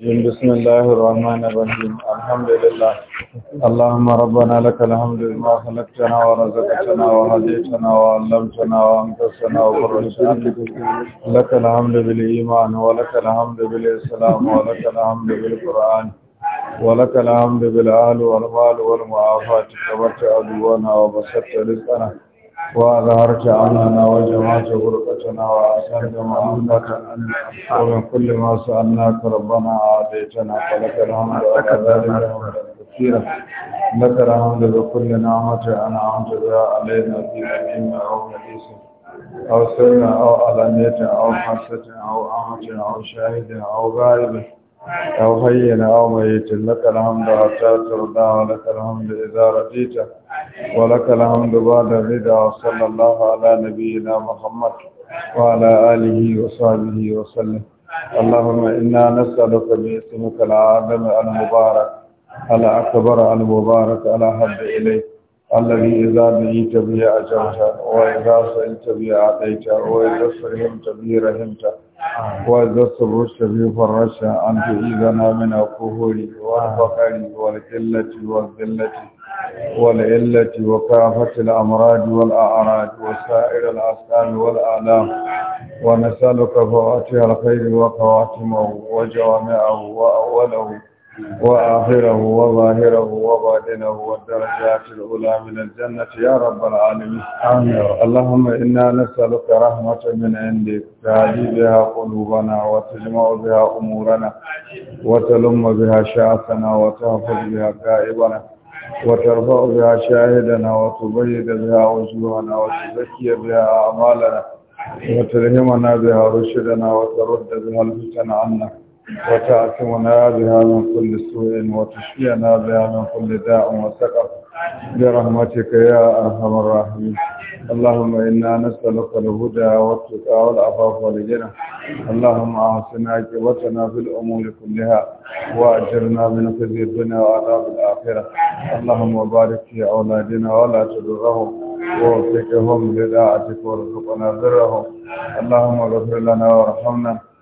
بسم الله الرحمن الرحيم الحمد لله اللهم ربنا لك الحمد لما خلقتنا ورزقتنا وهديتنا وعلمتنا وانقذتنا وفرجتنا لك الحمد بالإيمان ولك الحمد بالإسلام ولك الحمد بالقرآن ولك الحمد بالآل والمال والمعافاة كبرت عدونا وبسطت رزقنا وأظهرت أمننا وجمعت غرفتنا وأحسنت معاملتنا ومن كل ما سألناك ربنا أعطيتنا فلك الحمد على ذلك كثيرا لك الحمد بكل نعمة أنعمت بها علينا في نعيم أو نبيس أو سر أو علانية أو حاسة أو أمة أو شاهد أو غائب أو هين أو ميت لك الحمد حتى ترضى ولك الحمد إذا رضيت ولك الحمد بعد الرضا وصلى الله على نبينا محمد وعلى آله وصحبه وسلم اللهم إنا نسألك باسمك العظم المبارك الأكبر المبارك الأحب إليك الذي إذا نهيت به أجرت وإذا سئلت به أعطيت وإذا سئلت به رحمت وإذا صبرت به فرشت أن تعيذنا من الكفر والفقر والقلة والذلة والعلة وكافة الأمراض والأعراض وسائر الأسلام والآلام ونسألك فواتح الخير وخواتمه وجوامعه وأوله وآخره وظاهره وباطنه والدرجات الأولى من الجنة يا رب العالمين آمين اللهم إنا نسألك رحمة من عندك تهدي بها قلوبنا وتجمع بها أمورنا وتلم بها شعثنا وتحفظ بها كائبنا وترفع بها شاهدنا وتبيد بها وجوهنا وتزكي بها أعمالنا وتلهمنا بها رشدنا وترد بها الفتن عنا وتعصمنا بها من كل سوء وتشفينا بها من كل داء وسقط برحمتك يا أرحم الراحمين اللهم إنا نسألك الهدى والتقى والعفاف والجنة اللهم أحسن عاقبتنا في الأمور كلها وأجرنا من خزي الدنيا وعذاب الآخرة اللهم بارك في أولادنا ولا تضرهم ووفقهم لداعتك وارزقنا برهم اللهم اغفر لنا وارحمنا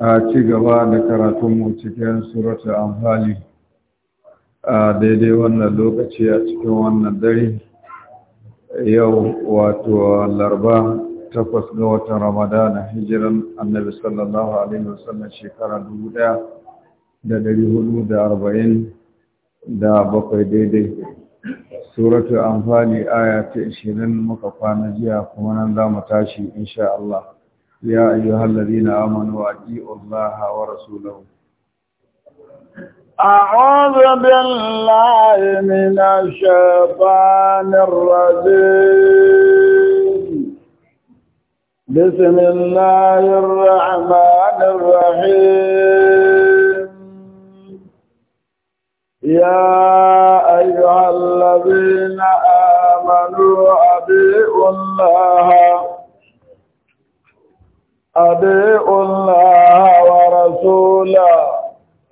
a ci gaba da karatunmu cikin suratul anfali a daidai wannan lokaci a cikin wannan dare yau wato larba takwas ga watan ramadana hijiran annabi sallallahu alaihi wasallam shekara dubu daya da dari hudu da arba'in da bakwai daidai suratu anfali aya ta ishirin muka kwana jiya kuma nan za mu tashi insha Allah يا أيها الذين آمنوا أطيعوا الله ورسوله أعوذ بالله من الشيطان الرجيم بسم الله الرحمن الرحيم يا أيها الذين آمنوا أطيعوا الله أطيعوا الله ورسوله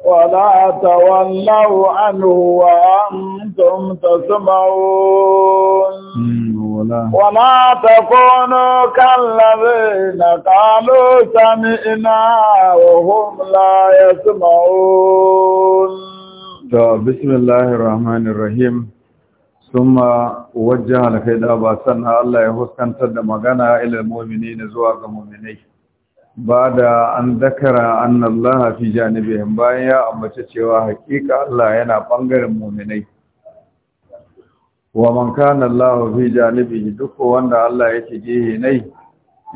ولا تولوا عنه وأنتم تسمعون ولا تكونوا كالذين قالوا سمعنا وهم لا يسمعون بسم الله الرحمن الرحيم ثم وجه الكيد أبا سنة الله يحسن تد مغانا إلى المؤمنين زواج المؤمنين bada an zakara annan lahafi janibin bayan ya ambace cewa hakika Allah yana ɓangaren muminai wa man kanan lahafi janibin duk wanda Allah ya ke gehe nai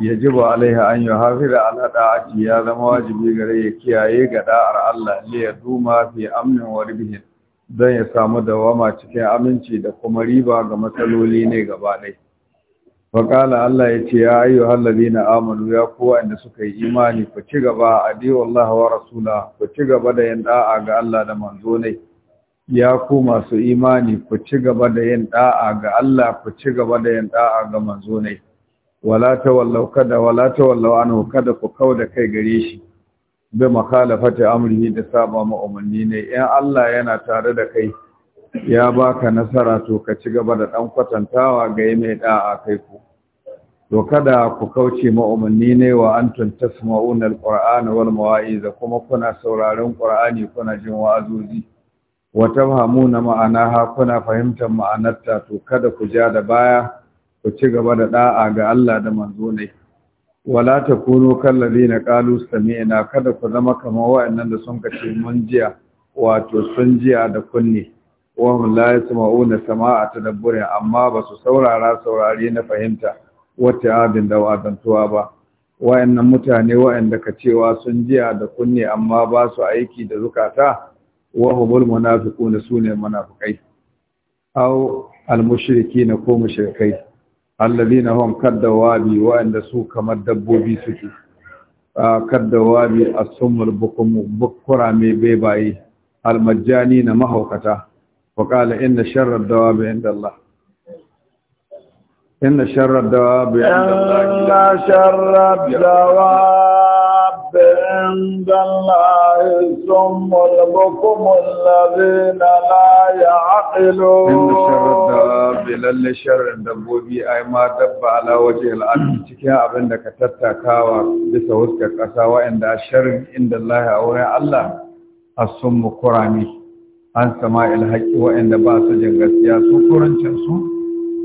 ya ji ba alaiha an yi hafira alaɗa aji zama wajibi gare ya kiyaye ga da'ar Allah ne ya duma fi amnin warbihin don ya samu dawama cikin aminci da kuma riba ga matsaloli ne gaba ɗaya faƙala Allah ya ce ya ayyu hallabi na amanu ya kowa inda suka yi imani ku ci gaba a biyu wa ku ci da yin ɗa'a ga Allah da manzo ya ku masu imani ku ci gaba da yin ɗa'a ga Allah ku ci gaba da yin ɗa'a ga manzo wala tawallau kada wala tawallau kada ku kau da kai gare shi bi makhalafati amrihi da saba ma umarni ne in Allah yana tare da kai ya baka nasara to ka ci gaba da ɗan kwatantawa ga yi mai ɗa'a kai ku to kada ku kauce ma'umanni ne wa an tasma'una alqur'ana wal mawa'iza kuma kuna sauraron qur'ani kuna jin wa'azozi wa ma'ana ha kuna fahimtar ma'anarta to kada ku ja da baya ku ci gaba da da'a ga Allah da manzo ne wala takunu na ladina qalu sami'na kada ku zama kamar wa'annan da sun kace mun jiya wato sun jiya da kunne wa hum la yasma'una sama'a tadabburin amma ba su saurara saurare na fahimta wata abin da wadantuwa ba wayannan mutane wayanda ka cewa sun jiya da kunne amma ba su aiki da zukata wa humul munafiquna sune munafikai aw al mushrikina ko mushrikai alladhina hum kadawabi wayanda su kamar dabbobi suke kadawabi as-summul bukum bukura mai baibaye almajjani na mahaukata وقال إن شر الدواب عند الله إن شر الدواب عند الله إن شر الدواب عند الله ثم البكم الذين لا يعقلون إن شر الدواب للي شر الدبوبي أي ما دب على وجه الأرض تكيا أبنك تتكاوى بسوسك قساوى عند الشر عند الله أو الله الصم كرامي an sama ilhaƙi waɗanda ba su jin gaskiya su ƙorancinsu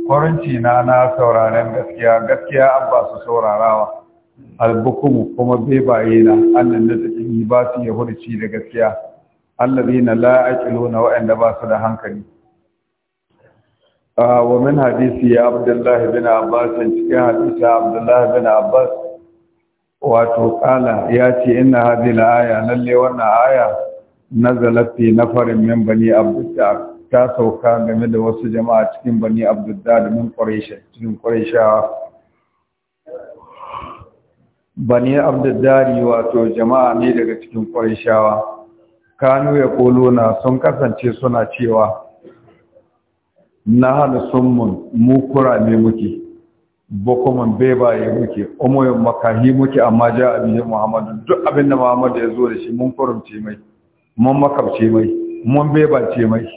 ƙoranci na na sauraren gaskiya gaskiya an ba su saurarawa albukumu kuma baye na annan na yi ba su yahudci da gaskiya allazi na la'aƙilo na waɗanda ba su da hankali ah, wa min hadisi ya abdullahi bin abbas cikin hadisi abdullahi bin abbas wato kala ya ce ina hadi la'aya lalle wannan aya nazalat fi nafarin min bani abdullah ta sauka game da wasu jama'a cikin bani abdullah da min quraish cikin quraishawa bani abdullah wato jama'a ne daga cikin quraishawa kanu ya kolona sun kasance suna cewa na hada summun mu kura ne muke bokoman bebaye muke umoyin makahi muke amma ja abin muhammadu duk abinda muhammadu ya zo da shi mun kurumce mai mun makabce mai mun bebace mai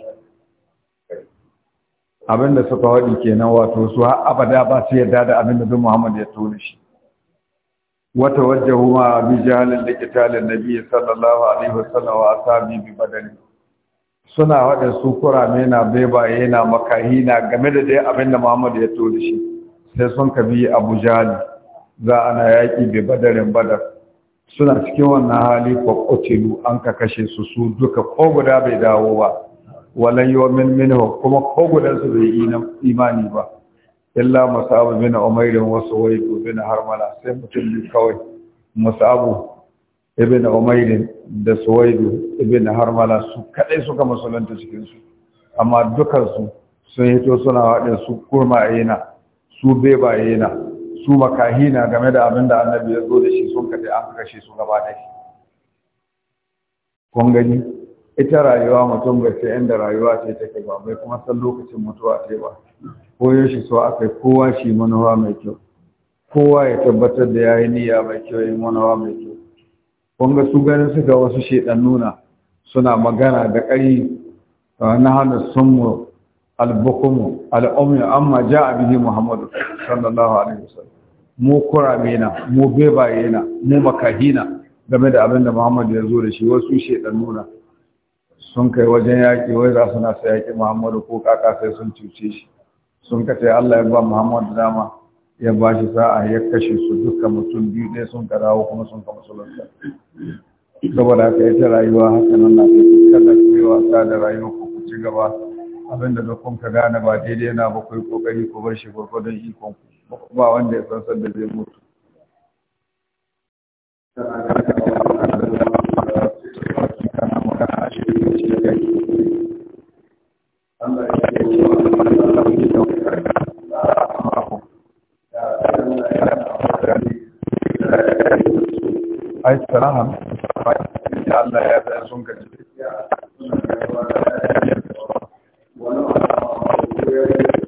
abinda suka waɗi kenan wato su har abada ba su yarda da abinda bin Muhammad ya tone shi wata wajen huma bi jahalin da kitalin nabi sallallahu alaihi wasallam wa asabi bi badani suna waɗa su kurame na bebaye na makahi na game da dai abinda Muhammad ya tone shi sai sun kabi Abu Jahal za ana yaƙi bi badarin badar suna cikin wannan hali fa an ka kashe su su duka ko guda bai dawo ba walan min kuma ko guda su bai imani ba illa musabu bin umayr wa suwayd bin harmala sai mutum ne kawai masabu ibn umairin da Suwaidu ibn harmala su kadai suka musulunta cikin su amma dukansu su sun hito suna wadin su kurma yana su a yana su makahi na game da abin da annabi ya zo da shi sun kaɗe an kashe su gaba da shi kun gani ita rayuwa mutum bai sai inda rayuwa ce take ba bai kuma san lokacin mutuwa ce ba ko yaushe so aka kowa shi manowa mai kyau kowa ya tabbatar da yayi niyya mai kyau yin manowa mai kyau kun ga su ganin suka wasu shedan nuna suna magana da ƙari na hana sunmu albukumu al'ummi amma ja'a bihi muhammadu sallallahu alaihi wasallam mu kurame na mu baye na mu makahina game da abinda da Muhammad ya zo da shi wasu shedan nuna sun kai wajen yaki, wai za su na sa yaki Muhammadu ko kaka sai sun cuce shi sun ka sai Allah ya ba Muhammadu dama ya ba shi sa'a ya kashe su duka mutum biyu ne sun ka kuma sun ka musulunta saboda haka ita rayuwa haka na kai kada ku yi wasa da rayuwa ku ci gaba Abin da kun ka gane ba daidai yana ba kai kokari ku bar shi gurgurdan ikon ku ba wanda ya san sanda zai mutu Allah ya ya Allah ya da sun very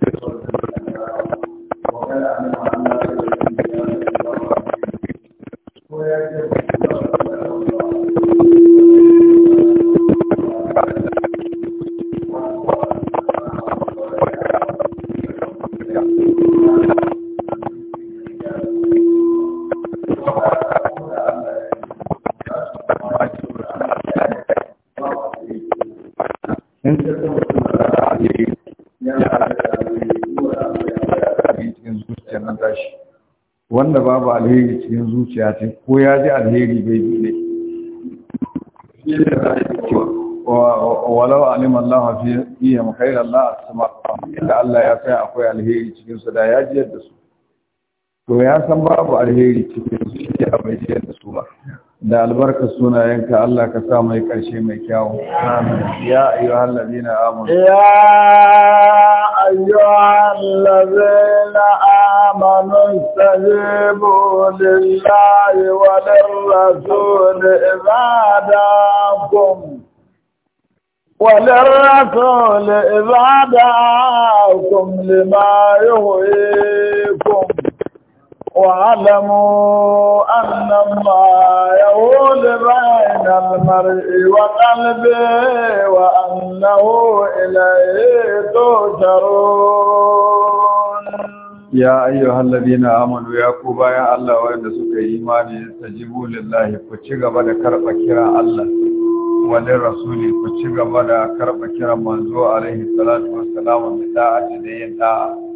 wanda babu alheri cikin zuciya ce ko ya ji alheri bai bi ne walau alim Allah fi iya makair Allah asma inda Allah ya kai akwai alheri cikin su da ya ji yadda su to ya san babu alheri cikin zuciya bai ji yadda su ba da albarka sunayenka Allah ka sa mai ƙarshe mai kyawun. ya ayyuhal ladina amanu ya ayyuhal ladina amanu istajibu lillahi wa lirrasul idza da'akum وللرسول إذا دعاكم لما واعلموا أن الله يقول بين المرء وقلبه وأنه إليه تجرون يا أيها الذين آمنوا يا كوبا يا الله وإن سك إيماني استجيبوا لله كتشيغ بدا كرب كرا الله وللرسول كتشيغ بدا كرب كرا منزو عليه الصلاة والسلام بتاعة دين داعة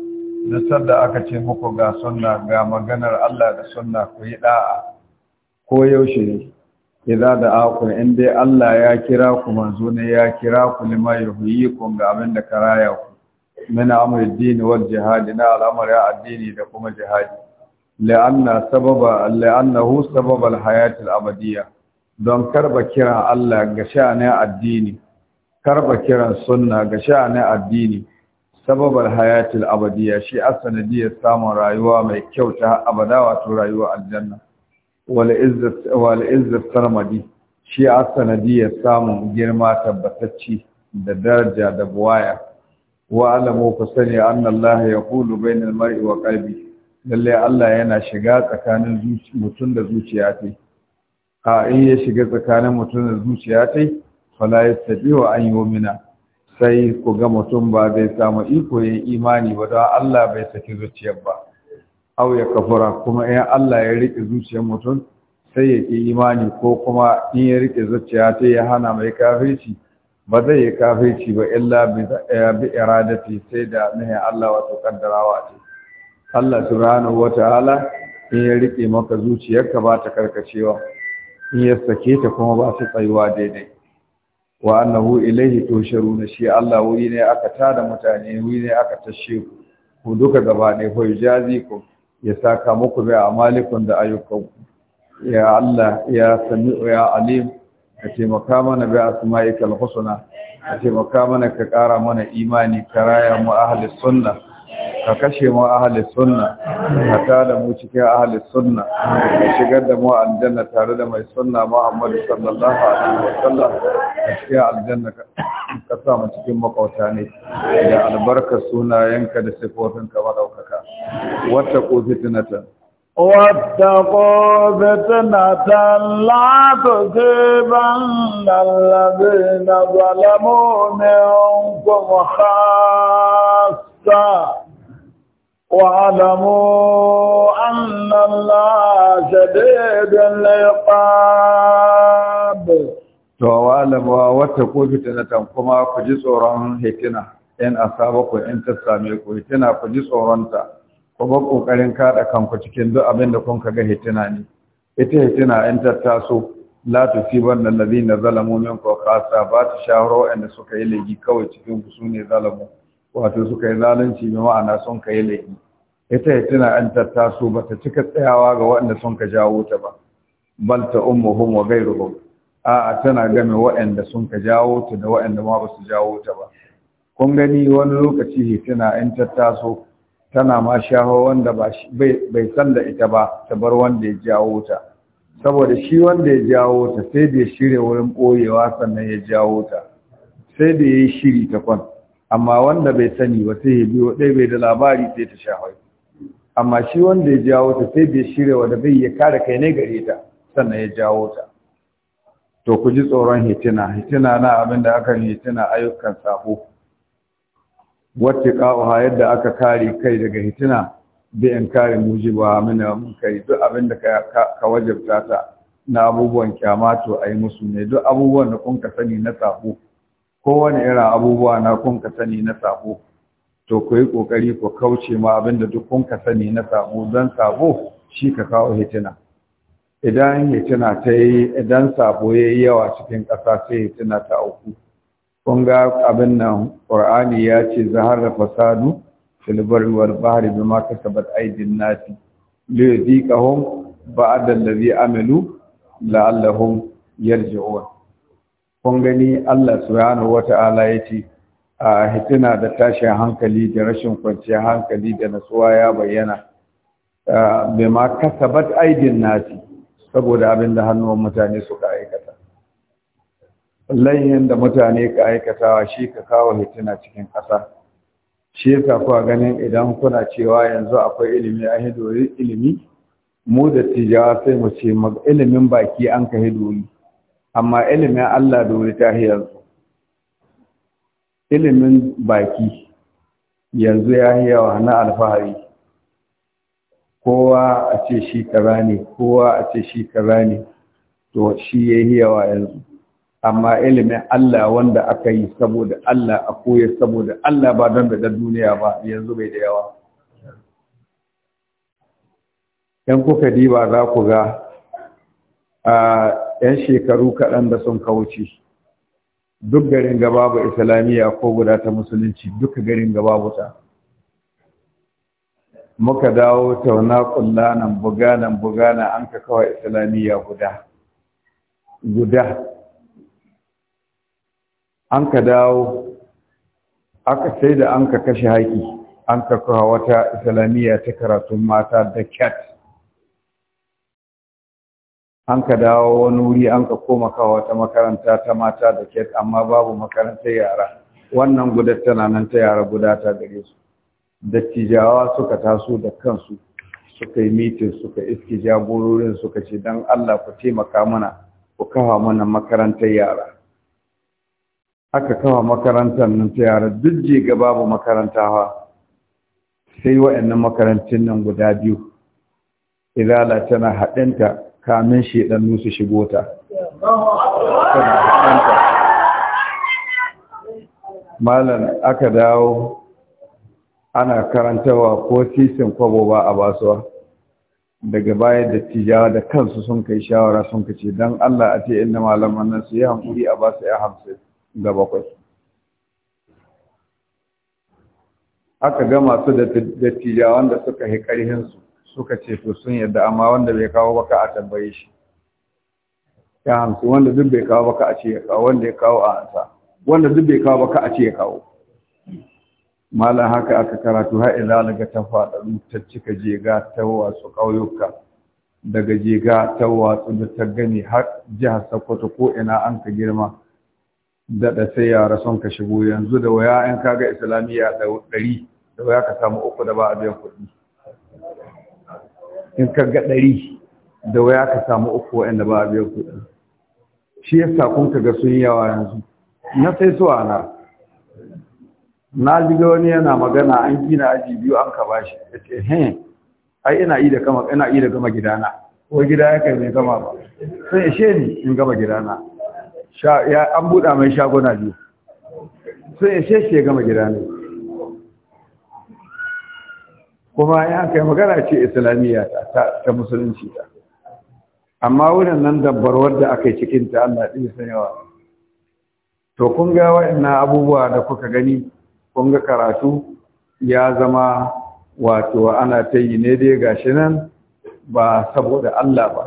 da sadda aka ce muku ga sunna ga maganar Allah da sunna ku yi da'a ko yaushe ne idza da aku in dai Allah ya kira ku manzo ne ya kira ku lima yuhyikum ga abin da karaya ku min amri din wal jihad na al'amari addini da kuma jihadi la'anna sababa la'annahu sababa al-hayat al-abadiyya don karba kira Allah ga sha'ani addini karba kiran sunna ga sha'ani addini sababar hayatul abadiya, shi asanadiyar samun rayuwa mai kyau ta abada wato rayuwa aljanna wal izzat sarmadi shi asanadiyar samun girma tabbatacci da daraja da buwaya wa alamu ku sani anna Allah yaqulu bainal mar'i wa qalbi lalle Allah yana shiga tsakanin mutum da zuciya ta a in ya shiga tsakanin mutum da zuciya ta fala yastabi wa an sai ku ga mutum ba zai samu iko yin imani ba don Allah bai saki zuciyar ba au ya kafura kuma in Allah ya rike zuciyar mutum sai ya ki imani ko kuma in ya rike zuciya ta ya hana mai kafirci ba zai yi kafirci ba illa bi eh, iradati sai da nahi Allah wato kaddarawa ce Allah subhanahu wataala in ya rike maka zuciyarka ba ta karkacewa in ya sake ta kuma ba su tsayuwa daidai wa annahu ilaihi tusharuna shi Allah wuri ne aka tada mutane wuri ne aka tashe ku ku duka gaba ne ko jazi ku ya saka muku bi amalikun da ayyukan ya Allah ya sami ya alim ka taimaka mana bi asma'ikal husna ka taimaka mana ka kara mana imani karaya mu ahli sunnah ka kashe mu ahli sunna ka tada mu cikin ahli sunna ka shigar da mu aljanna tare da mai sunna Muhammad sallallahu alaihi wasallam ka shiga aljanna ka sa mu cikin makauta ne da albarka sunayenka da sifofin ka madaukaka wata ko واتقوا فتنة لا تصيبن الذين ظلموا منكم خاصة واعلموا أن الله شديد العقاب to walama wata ko fitinatan kuma ku ji tsoron hitina in asaba ku in ta same ku tsoron ta kanku cikin duk abin da kun kaga hitina ne ita hitina in ta taso la tusibanna alladhina zalamu minkum khasa ba ta shahro suka yi laifi kawai cikin su ne zalamu wato suka yi zalunci bi ma'ana sun kai laifi ita ya tuna an tattaso ba ta cika tsayawa ga waɗanda sun ka jawo ta ba bal ta ummuhum wa a a'a tana game waɗanda sun ka jawo ta da waɗanda ma ba su jawo ta ba kun gani wani lokaci tuna an tattaso tana ma shaho wanda bai san da ita ba ta bar wanda ya jawo ta saboda shi wanda ya jawo ta sai da ya shirya wurin ɓoyewa sannan ya jawo ta sai da ya yi shiri ta kwan amma wanda bai sani ba sai ya biyo ɗaya bai da labari sai ta sha shahoi amma shi wanda ya jawo ta sai bai shirya wa da bai ya kare kai ne gare ta sannan ya jawo ta to ku ji tsoron hitina hitina na abin da aka hitina ayyukan sabo wacce ka'uha yadda aka kare kai daga hitina bi in kare mujiba mina mun kai duk abin da ka wajabta ta na abubuwan kyama a yi musu ne duk abubuwan da kun ka sani na sabo kowane irin abubuwa na kun ka sani na sabo to ku yi ƙoƙari ku kauce ma abin da duk kun ka sani na sabo don sabo shi ka kawo hitina idan hitina ta yi idan sabo ya yi yawa cikin ƙasa sai hitina ta auku kun ga abin nan ƙur'ani ya ce da fasadu filbar wal ma ka kasabat aidin nasi li yuziqahum ba'da allazi amilu la'allahum yarji'un kun gani Allah subhanahu wata'ala yace a hitina da tashin hankali da rashin kwanciyar hankali da natsuwa ya bayyana bai ma kasabat aidin nasi saboda abin da hannuwan mutane suka aikata layin da mutane ka aikatawa shi ka kawo hitina cikin ƙasa shi sa kuwa ganin idan kuna cewa yanzu akwai ilimi a hidori ilimi mu da tijawa sai mu ce ilimin baki an ka hidori amma ilimin Allah wuri ta yanzu ilimin baki yanzu ya yi yawa na alfahari kowa a ce shi kaza ne kowa a ce shi kaza ne to shi ya yi yawa yanzu amma ilimin Allah wanda aka yi saboda Allah a koya saboda Allah ba don da duniya ba yanzu bai da yawa ‘yan kuka diba za ku ga a ‘yan shekaru kaɗan da sun kauce duk garin ga babu islamiyya ko guda ta musulunci duka garin ga babu ta muka dawo tauna kulla nan buga nan buga nan an ka kawai islamiyya guda guda an ka dawo aka sai da an ka kashe haƙi an ka kawai wata islamiyya ta karatun mata da kyat an ka dawo wani wuri an ka koma kawo wata makaranta ta mata da ket amma babu makarantar yara wannan guda tana nan ta yara guda ta gare su dattijawa suka taso da kansu suka yi mitin suka iski jagororin suka ce don Allah ku taimaka mana ku kawo mana makarantar yara aka kawo makarantar nan ta yara duk ga babu makarantawa sai wa'annan makarantun nan guda biyu izala tana haɗinta kamin shedannu su shigo ta malam aka dawo ana karantawa ko titin kwabo ba a basuwa daga baya da tijawa da kansu sun kai shawara sun kace dan Allah a ce inna malaman nan su yi hankuri a ba su ya hamsin ga bakwai aka gama su da tijawan da suka yi su suka ce to sun yadda amma wanda bai kawo baka a tambaye shi ya hamsin wanda duk bai kawo baka a ce ya kawo wanda ya kawo a ansa wanda duk bai kawo baka a ce ya kawo malam haka aka karatu har ila laga ta faɗaɗu ta cika jega ta wasu ƙauyuka daga jega ta watsu da ta gani har jihar sokoto ko ina an ka girma daɗa sai yara son ka shigo yanzu da waya in kaga islamiyya ɗari da waya ka samu uku da ba a biyan kuɗi in ka ga ɗari da waya ka samu uku waɗanda ba a biyan kuɗi shi ya sa kun ga sun yi yawa yanzu na sai suwa na na ji ga wani yana magana an gina aji biyu an ka shi ya ce hen ai ina yi da kama ina yi da gama gidana ko gida ya kai mai gama ba sai she ni in gama gidana an buɗa mai shaguna biyu sai she shi ya gama gidana kuma ya kai magana ce islamiyya ta ta musulunci ta amma wurin nan dabbarwar da aka yi cikin ta Allah ɗin sanyawa to kun ga waɗannan abubuwa da kuka gani kun ga karatu ya zama wato ana ta yi ne dai gashi nan ba saboda Allah ba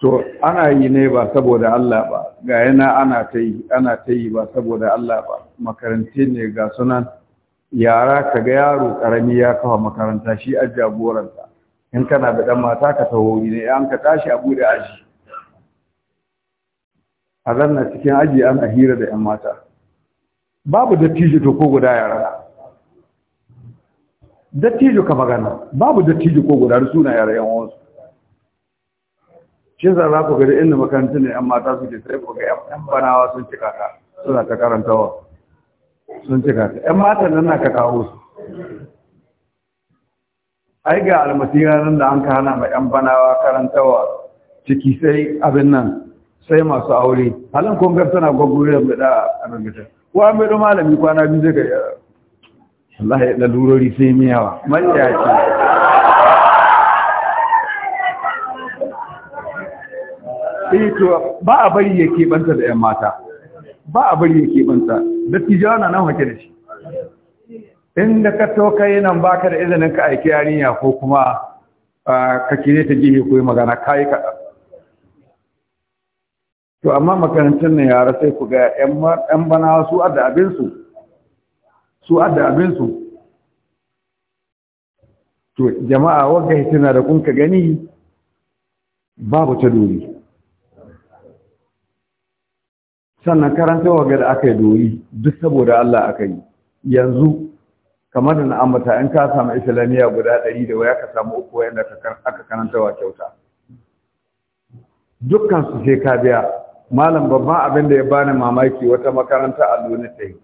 to ana yi ne ba saboda Allah ba ga yana ana ta yi ana ta ba saboda Allah ba makarantu ne ga sunan yara ka ga yaro karami ya kafa makaranta shi a jagoranta in kana da dan mata ka taho ne an ka tashi a bude aji a zanna cikin aji ana hira da yan mata babu dattijo to ko guda yara dattijo ka magana babu dattijo ko guda suna yara yan wasu shi za ku ku da inda makaranta ne yan mata suke sai ku ga yan banawa sun cika ka suna ta karantawa sun cika ta ‘yan matan nan na ka kawo su ai ga almasira nan da an ka hana ma ‘yan banawa karantawa ciki sai abin nan sai masu aure halin kongar tana gwagwuri da bada a rangatar wa mai ɗan malami kwana biyu zai ga yara Allah ya lalurori sai miyawa manya ce eh, to ba a bari ya keɓanta da ‘yan mata ba a bari yake bansa dattijawa na nan hake da shi inda ka to kai nan baka da izinin ka aiki yarinya ko kuma ka kire ta gini ko magana yi kaɗa. to amma makarantar na yara sai ku ga yan bana su adda abin su su adda abin abinsu. to jama'a wagga hitina da kun ka gani babu ta dori sannan karanta ga da aka yi doyi duk saboda Allah aka yi yanzu kamar da na in ka samu islamiyya guda ɗari da waya ka samu uku yadda aka wa kyauta dukkan su sai ka biya malam babban abin da ya bani mamaki wata makaranta a lona ta yi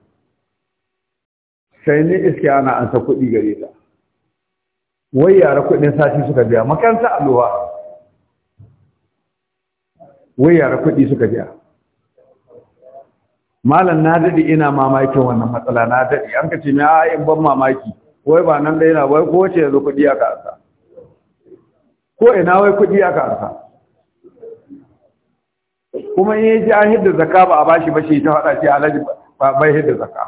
sai ni iske ana an sa kuɗi gare ta wai yara kuɗin sati suka biya makaranta a wai yara kuɗi suka biya malam na daɗe ina mamakin wannan matsala na daɗe an ka ce mai a in ban mamaki wai ba nan dai na wai ko wace yanzu kuɗi aka ansa ko ina wai kuɗi aka ansa kuma in yaji an hidda zakka ba a bashi ba shi ta faɗa shi alaji bai hidda zakka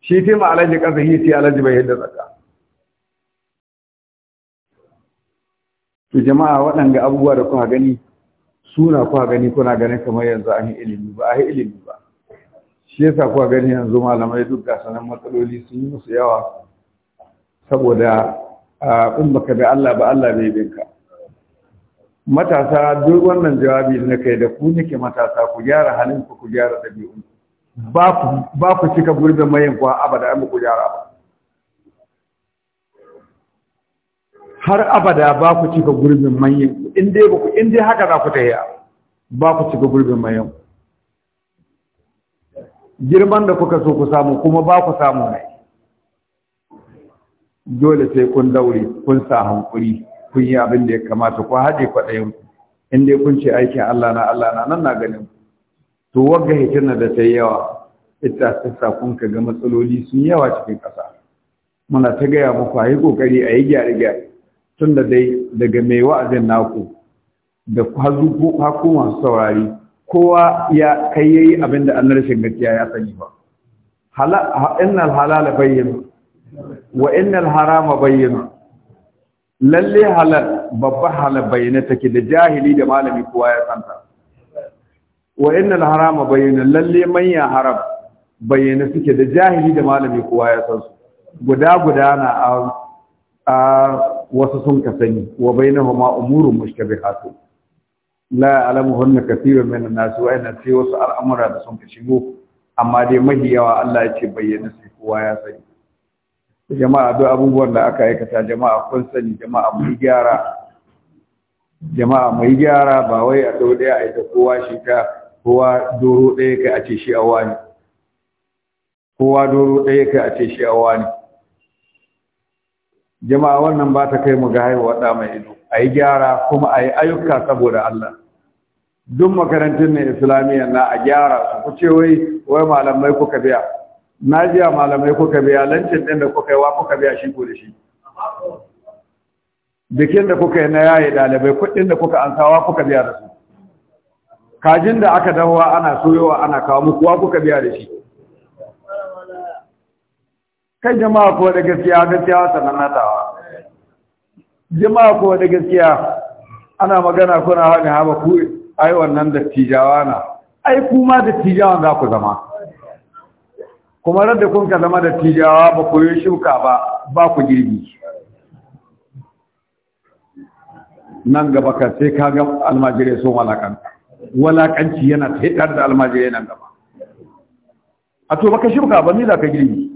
shi ta ma alaji ƙasa shi ta alaji bai hidda zakka to jama'a waɗanga abubuwa da kuka gani suna kuka gani kuna ganin kamar yanzu an yi ilimi ba a yi ilimi ba shi yasa kuwa gani yanzu malamai duk gasanan matsaloli sun yi musu yawa saboda in baka bi Allah ba Allah bai binka matasa duk wannan jawabi na kai da ku nake matasa ku gyara halin ku ku gyara dabi'un ba ku cika gurbin mayin ku abada amma ku gyara ba har abada ba ku cika gurbin mayin ku in dai ba ku in dai haka za ku tafiya ba ku cika gurbin mayin ku girman da kuka so ku samu kuma ba ku samu ne dole sai kun daure kun sa hankuri kun yi abin da ya kamata ku haɗe kwaɗayin in dai kun ce aikin Allah na Allah na nan na ganin to wagga hitina da ta yawa ita sassa kun ka ga matsaloli sun yawa cikin ƙasa muna ta gaya muku a yi ƙoƙari a yi gyare-gyare Tunda dai daga mai wa'azin naku da haku masu saurari kowa ya kai yayi abin da annar shin gaskiya ya sani ba innal halala bayyin wa innal harama bayyin lalle halal babba halal bayyana take da jahili da malami kowa ya santa wa innal harama bayyana lalle manya haram bayyana suke da jahili da malami kowa ya san su guda guda na a wasu sun ka sani wa bainahuma umurun mushtabihatun la ya'lamuhunna kafiru minan na wa inna fi wasu al'amura da sun shigo amma dai mahi yawa Allah ya ce bayyana sai kowa ya sani jama'a duk abubuwan da aka aikata jama'a kun sani jama'a mu gyara jama'a mu gyara ba wai a dau daya a ita kowa shi ta kowa doro daya kai a ce shi a wani kowa doro daya kai a ce shi a wani jama'a wannan ba ta kai mu ga haihuwa da mai ido a yi gyara kuma a yi ayyuka saboda Allah duk makarantun ne islamiyya na a gyara su ku ce wai wai malamai kuka biya na jiya malamai kuka biya lancin ɗin da kuka yi wa kuka biya shi ko da shi bikin da kuka yi na yaye ɗalibai kuɗin da kuka ansawa kuka biya da su kajin da aka dawowa ana soyowa ana kawo muku wa kuka biya da shi Kan jama'a ko da gaskiya gaskiya na sanannatawa jama'a ko da gaskiya ana magana kuna hana haba ku ai wannan dattijawa na ai kuma tijawa za ku zama kuma radda kun ka zama dattijawa ba ku yi shuka ba ba ku girbi nan gaba ka sai ka ga almajire sun walakan walakanci yana taidar da almajire nan gaba a to baka shuka ba ni za ka girbi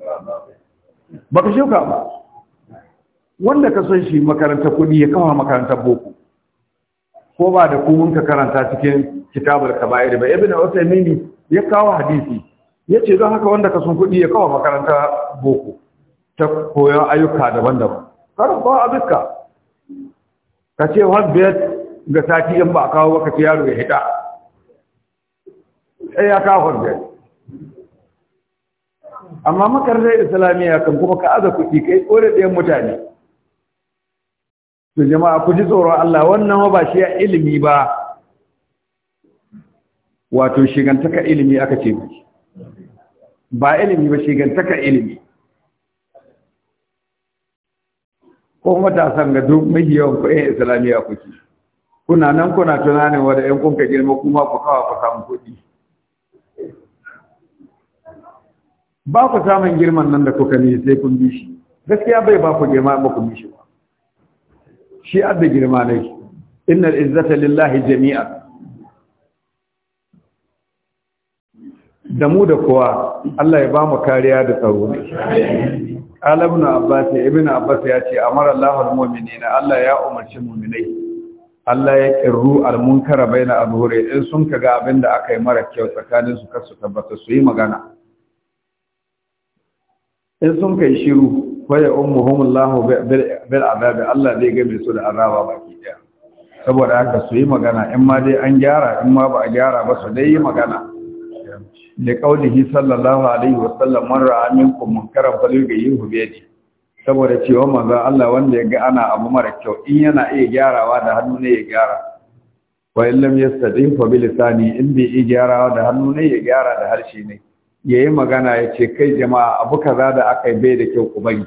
baka shuka ba wanda ka son shi makarantar kuɗi ya kawo makarantar boko ko ba da kumun ka karanta cikin kitabar kaba'ir ba ibn usaymini ya kawo hadisi ya ce don haka wanda ka son kuɗi ya kawo makaranta boko ta koyon ayyuka daban-daban karin kawo abinka ka ce biyar ga sati in ba a kawo baka ce yaro ya hita sai eh, ya kawo biyar. amma makarantar islamiyya kan kuma ka aza kuɗi kai kore ɗayan mutane to jama'a ku ji tsoron Allah wannan ba shi ilimi ba wato shigantaka ilimi aka ce ba ilimi ba shigantaka ilimi ko matasan ga duk mai yawan kuɗin islamiyya kuke kuna nan kuna tunanin wadda ‘yan kunka girma kuma ku kawa ku samu kuɗi ba ku samun girman nan da kuka ne sai kun bi shi gaskiya bai ba ku girma ba ku bishi ba shi abin girma ne innal izzata lillahi jami'a da mu da kowa Allah ya ba mu kariya da tsaro ne Alabnu Abbas ibn Abbas ya ce amara Allahul mu'minina Allah ya umarci mu'minai Allah ya kirru almunkara baina azhure in sun kaga abinda aka yi mara kyau tsakanin su kar su tabbata su yi magana in sun kai shiru waya ummuhumullahu bil azabi Allah zai mai su da azaba baki daya saboda haka su yi magana in ma dai an gyara in ma ba a gyara ba su dai yi magana da kaulihi sallallahu alaihi wa sallam man ra'a minkum munkaran falyughayyirhu bi yadihi saboda cewa manzo Allah wanda ya ga ana abu mara kyau in yana iya gyarawa da hannu ne ya gyara wa illam yastadin fa bi lisani in bi gyarawa da hannu ne ya gyara da harshe ne ya yi magana ya ce kai jama'a abu kaza da aka yi bai da kyau ku bari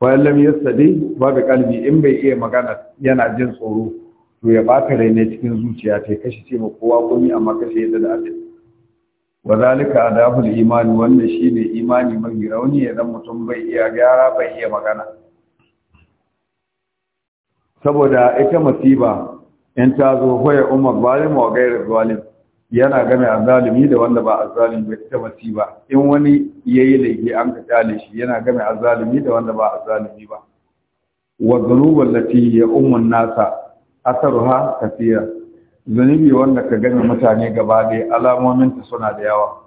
bayan lam yastadi ba da kalbi in bai iya magana yana jin tsoro to ya baka rai ne cikin zuciya ta kashi ce ma kowa komi amma kashi yadda da abin wa zalika adabul imani wannan shine imani mai rauni ya mutum bai iya gyara bai iya magana saboda ita masiba in ta zo hoya umar zalim wa gairar zalim yana game zalimi da wanda ba a zalimi ba ita masiba in wani yayi laifi an ka kyale shi yana game zalimi da wanda ba a zalimi ba wa dhunubal lati ya ummun nasa asaruha kafiya zunubi wanda ka game mutane gaba ɗaya alamomin ta suna da yawa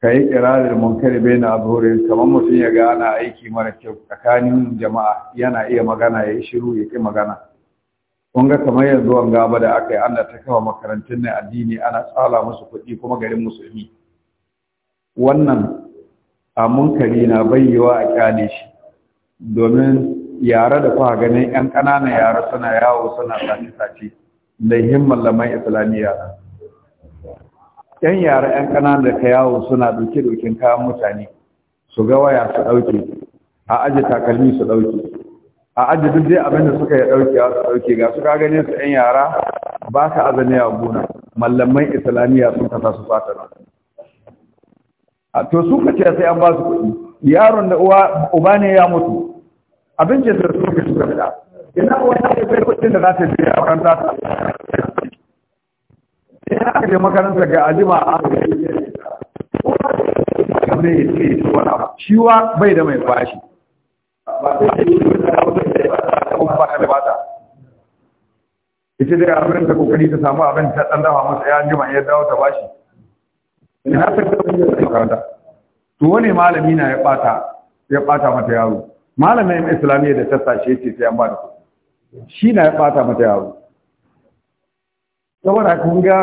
Kayi kirarin munkari bai na kamar mutum ya ga ana aiki mara kyau tsakanin jama'a yana iya magana ya yi shiru ya ƙi magana kun ga kamar yanzu an gaba da aka yi allah ta kawo makarantun na addini ana tsala musu kuɗi kuma garin musulmi wannan a munkari na bayyawa a kyale shi domin yare da kuka ganin yan ƙananan yara suna yawo suna sace-sace da himman lamai islamiyya na yan yara yan ƙananan da ka yawo suna ɗauke ɗauken kayan mutane su ga waya su ɗauke a aji takalmi su ɗauke a aji duk dai abin da suka yi ɗauke a su ɗauke ga su ka gane su ‘yan yara ba ka azami a gona Mallamai islamiyya sun kasa su fata na. a to su ka ce sai an ba su kuɗi yaron da uwa uba ne ya mutu abincin da su ka shi fita ina uwa ya ke sai kudin da za ta biya a kanta ta ya aka je makaranta ga ajima a ne ya ce shi wa bai da mai bashi ba da da ita dai abin ta kokari ta samu abin ta dan dafa masa ya jima ya dawo ta bashi ina ta da makaranta to wani malami na ya bata ya bata mata yaro malamin islamiyya da ta sashe ce sai an ba da shi na ya bata mata yaro saboda kun ga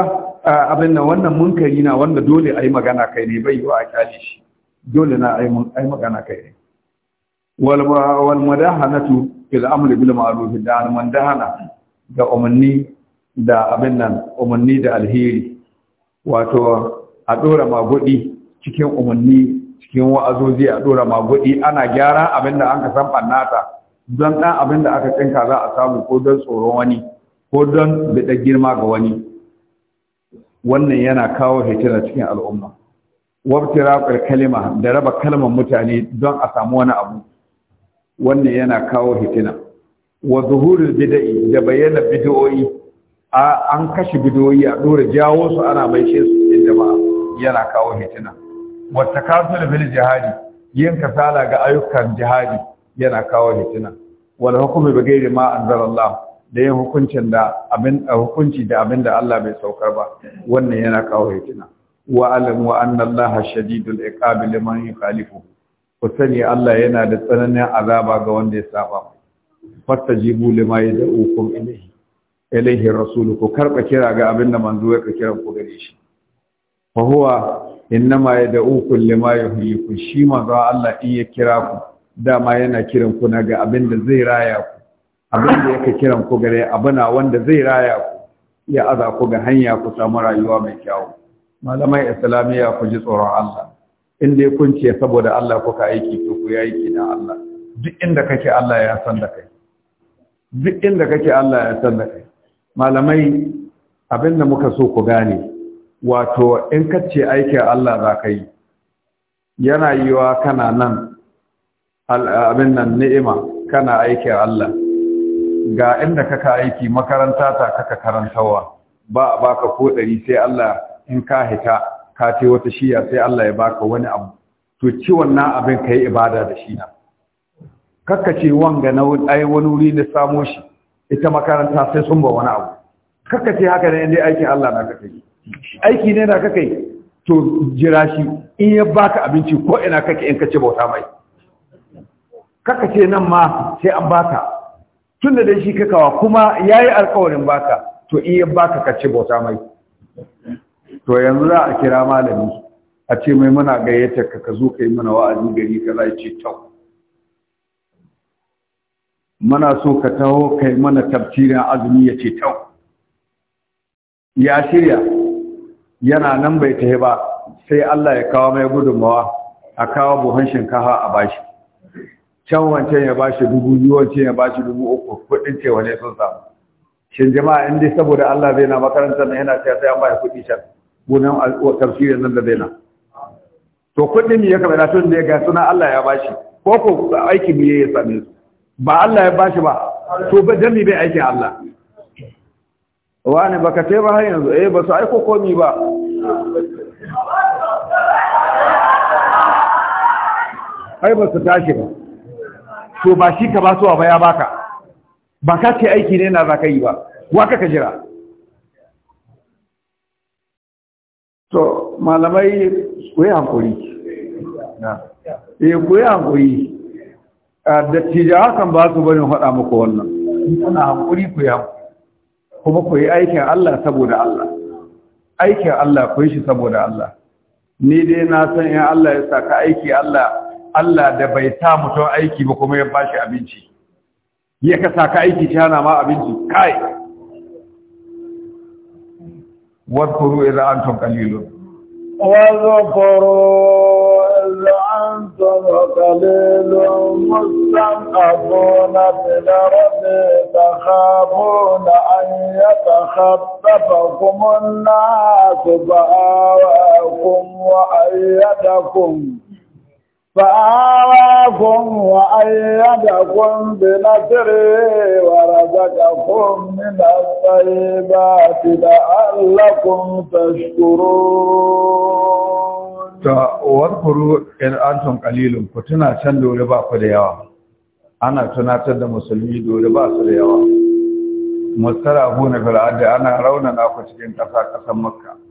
abin nan wannan munkari na wanda dole a yi magana kai ne bai yi wa a kyale shi dole na a yi magana kai ne walmadahanatu fil amri bil ma'ruf da almandahana da umanni da abin nan umanni da alheri wato a dora magudi cikin umanni cikin wa'azozi a dora magudi ana gyara abin da an ka san bannata don dan abin da aka tsinka za a samu ko don tsoron wani ko don bida girma ga wani wannan yana kawo hitina cikin al'umma wabtira kalima da raba kalmar mutane don a samu wani abu wannan yana kawo hitina. wa zuhurul bid'i da bayyana bid'o'i a an kashe bid'o'i a dora jawo su ana maishe su cikin jama'a yana kawo hitina. wa takasul bil jihadi yin kasala ga ayyukan jihadi yana kawo hitina. wal hukmu bi ghairi ma anzalallah da yin hukuncin da abin hukunci da abin da Allah bai saukar ba wannan yana kawo hitina. wa alam wa anna Allah shadidul iqab liman yukhalifuhu ku sani Allah yana da tsananin azaba ga wanda ya saba fastajibu lima yad'ukum ilahi ilahi rasulu ku karba kira ga abin da manzo ya kira ku gare shi fa huwa innama yad'ukum lima ku. shi manzo Allah in ya kira ku dama yana kiran ku na ga abin da zai raya ku abin da yake kiran ku gare abuna wanda zai raya ku ya azaku ga hanya ku samu rayuwa mai kyau malamai islamiyya ku ji tsoron Allah in dai kun ce saboda Allah kuka aiki to ku yi aiki na Allah duk inda kake Allah ya san da kai duk inda kake Allah ya san da kai malamai abinda muka so ku gane wato in ka ce aikin Allah za ka yi yana yiwa kana nan abin nan ni'ima kana aikin Allah ga inda kaka aiki makaranta ta kaka karantawa ba a baka ko ɗari sai Allah in ka hita ka ce wata shiya sai Allah ya baka wani abu to ci wannan abin ka yi ibada da shi na ce wanga na ai wani wuri na samo shi ita makaranta sai sun ba wani abu ce haka ne inda aikin Allah na kake yi aiki ne na kake yi to jira shi in ya baka abinci ko ina kake in ka ci bauta mai ce nan ma sai an baka tun da dai shi kakawa kuma yayi alƙawarin baka to in ya baka ka ci bauta mai to yanzu za a kira malami a ce mai muna gayyata ka ka zo ka yi mana wa'azi gari ka za ce tau muna so ka taho kai mana tafsirin azumi ya ce tau ya shirya yana nan bai ta ba sai Allah ya kawo mai gudunmawa a kawo buhun shinkafa a bashi can wancan ya bashi dubu biyu wancan ya bashi dubu uku kudin ce wane sun samu shin jama'a in dai saboda Allah zai na makarantar yana ta sai an ba kuɗi shan gunan tafsirin nan da zai nan to kuɗin ya kamata tun da ya ga suna Allah ya bashi ko ko aiki mu ya same su ba Allah ya bashi ba to ba dami bai aikin Allah wani baka te ba har yanzu eh ba su aiko komi ba ai ba su tashi ba to ba shi ka ba su ba ya baka ba ka ce aiki ne na ka yi ba wa ka ka jira to malamai ku yi hankuri eh ku yi hankuri dattijawa kan ba su bane faɗa muku wannan kuna hankuri ku yi kuma ku yi aikin Allah saboda Allah aikin Allah ku yi shi saboda Allah ni dai na san in Allah ya saka aiki Allah Allah da bai sa mutum aiki ba kuma ya bashi abinci ya ka saka aiki ta na ma abinci kai wadkuru idza antum qalilun wadkuru idza antum qalilun mustanqafuna fil ardi takhafuna an yatakhattafakum an-nas فآواكم وأيدكم بنصره ورزقكم من الطيبات لعلكم تشكرون واذكروا إن أنتم قليل كتنا شندوا ربا قليوا أنا تناتد مسلمي دو ربا قليوا مسترى هنا في العدد أنا رونا ناقش كنت أساق أسمكا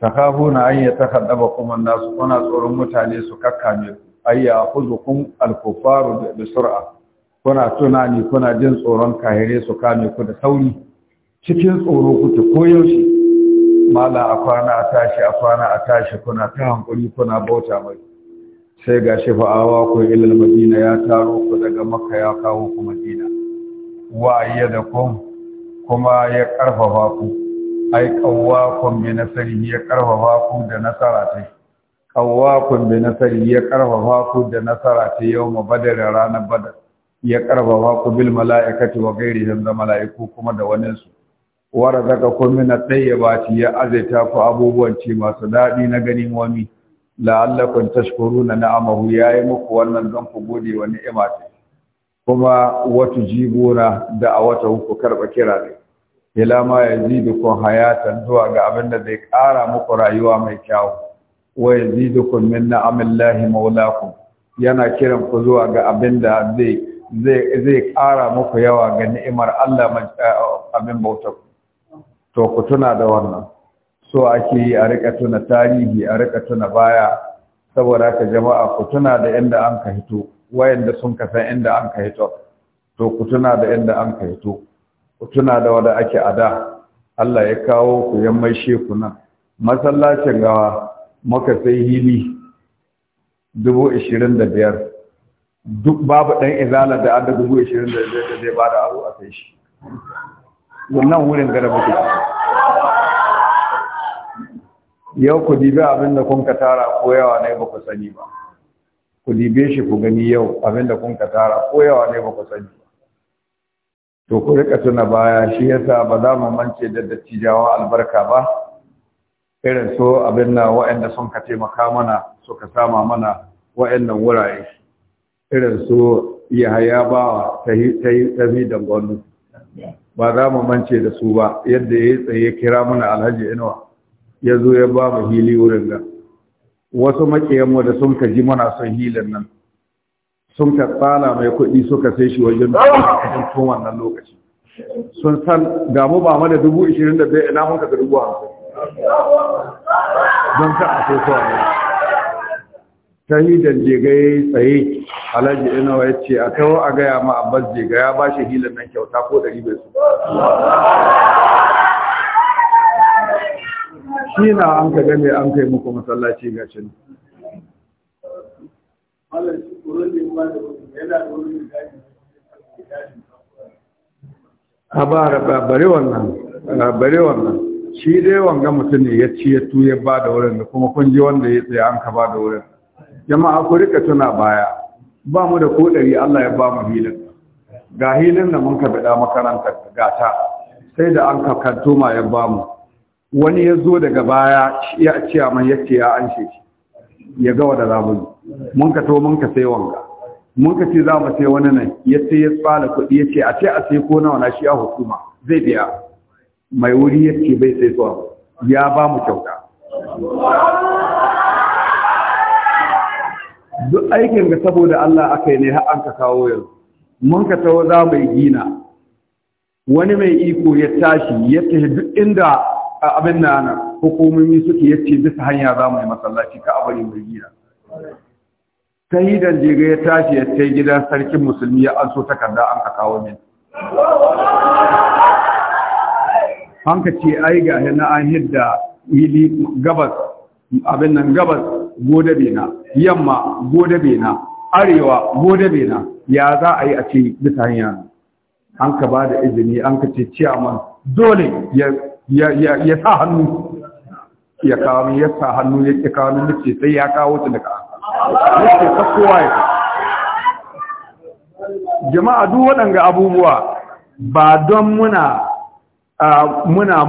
na an yatahaddabakum kuma nasu kuna tsoron mutane su kakkame ku ayya khuzukum kun alkufaru da sur'a kuna tunani kuna jin tsoron kahire su kame ku da sauri cikin tsoro ta koyaushe mala a kwana a tashi a kwana a tashi kuna ta hankuri kuna bauta mai sai ga shi fa'awa ku ilal madina ya taro ku daga makka ya kawo ku madina wa ayyadakum kuma ya karfafa ku ai kawakon bi nasari ya karfafa ku da nasara ta kawakon bi nasari ya karfafa ku da nasara ta ma badar ranar badar ya karfafa ku bil mala'ikati wa ghairihim da mala'iku kuma da wani su Kun razaqakum na at ci ya azaita ku abubuwan ci masu daɗi na gani wani na tashkuruna ya yayi muku wannan don ku gode wani ni'ima kuma wata jibuna da a wata uku karba kira ne ila ma yazidukum hayatan zuwa ga abin da zai ƙara muku rayuwa mai kyau wa yazidukum min ni'amillahi maulakum yana kiran ku zuwa ga abin da zai ƙara muku yawa ga ni'imar Allah eh, abin bautar to ku tuna da wannan so ake yi a rika tuna tarihi a rika tuna baya saboda ka jama'a ku tuna da inda an ka hito wayanda sun ka san inda an ka hito to ku tuna da inda an ka hito ku tuna da wanda ake a da Allah ya kawo ku yan maishe ku nan masallacin gawa muka sai hili dubu ishirin da biyar duk babu ɗan izala da adda dubu ishirin da biyar da zai bada abu a kai shi wannan wurin gara muke yau ku dibi abin da kun ka tara ko yawa ne ba ku sani ba ku dibe shi ku gani yau abin da kun ka tara ko yawa ne ba ku sani to ku rika tuna baya shi yasa ba za mu mance da dattijawa albarka ba irin so abin na waɗanda sun ka taimaka mana suka sama mana waɗannan wurare irin so yahaya bawa ta yi da gwanu ba za mu mance da su ba yadda ya tsaye kira mana alhaji inuwa ya zo ya ba mu hili wurin ga wasu makiyanmu da sun ka ji muna son hilin nan sun ka mai kuɗi suka sai shi wajen tun wannan lokaci sun san damu mu ba da dubu ishirin da bai ina muka ga dubu hamsin don ka a soso ne ta hidan jigaye tsaye alhaji inawa ya ce a kawo a gaya ma abbas jiga ya ba shi hilin nan kyauta ko ɗari ribe su shi na an ka game an kai muku masallaci ga gashin wannan shi kurin da ba da yana da da a wannan wannan shi dai wanga mutum ne ya ci ya tuye ba da wurin da kuma kun ji wanda ya tsaye an ka ba da wurin jama'a ku rika tuna baya ba mu da ko dari Allah ya ba mu hilin ga hilin da mun ka bada makarantar gata sai da an ka kanto ma ya ba mu wani ya zo daga baya ya ce man ya ce ya an shi ya ga wadda za mun ka to mun ka sai wanga mun ka ce za mu sai wani nan ya ce ya tsala kuɗi ya ce a ce a sai ko nawa na shi a hukuma zai biya mai wuri ya ce bai sai tsawon ya ba mu kyauta duk aikin ga saboda Allah aka yi ne har an ka kawo yanzu mun ka tawo za mu yi gina wani mai iko ya tashi ya tafi duk inda abin na hukumomi suke yace bisa hanya za mu yi masallaci ka a bari mai gida Dan jiga ya tashi ya ta gidan sarkin musulmi ya anso takarda an ka kawo min hanka ce ai ga na an hidda wili gabas abin nan gabas godabe na yamma godabe na arewa godabe na ya za a yi a ce bisa hanya an ka ba da izini an ka ce ciyaman dole ya ya sa hannu ya kawo ya sa hannu ya ke kawo na ce sai ya kawo ta daga ya ta kowa ya jama'a duk waɗanga abubuwa ba don muna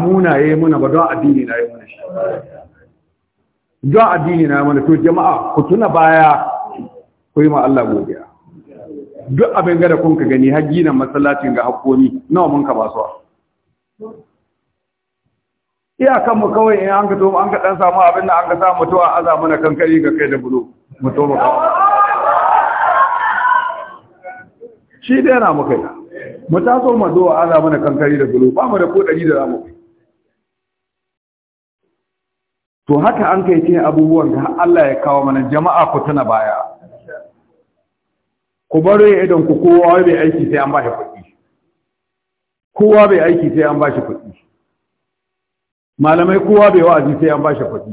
muna yi muna ba don addini na yi muna shi don addini na ya muna to jama'a ku tuna baya ku yi ma Allah godiya duk abin gada kun ka gani har gina masallacin ga hakkoni nawa mun ka basuwa kan mu kawai in an ga to an ga dan samu abin da an ga samu to a aza na kankari ga kai da bulo mu to mu kawai shi da yana mu kai mu ta so mu zo a aza na kankari da bulo ba mu da ko dari da zamu to haka an kai ce abubuwan da Allah ya kawo mana jama'a ku tana baya ku baro ya idan ku kowa bai aiki sai an ba shi kuɗi kowa bai aiki sai an ba shi kuɗi malamai kowa bai wa'azi sai an bashi shi kuɗi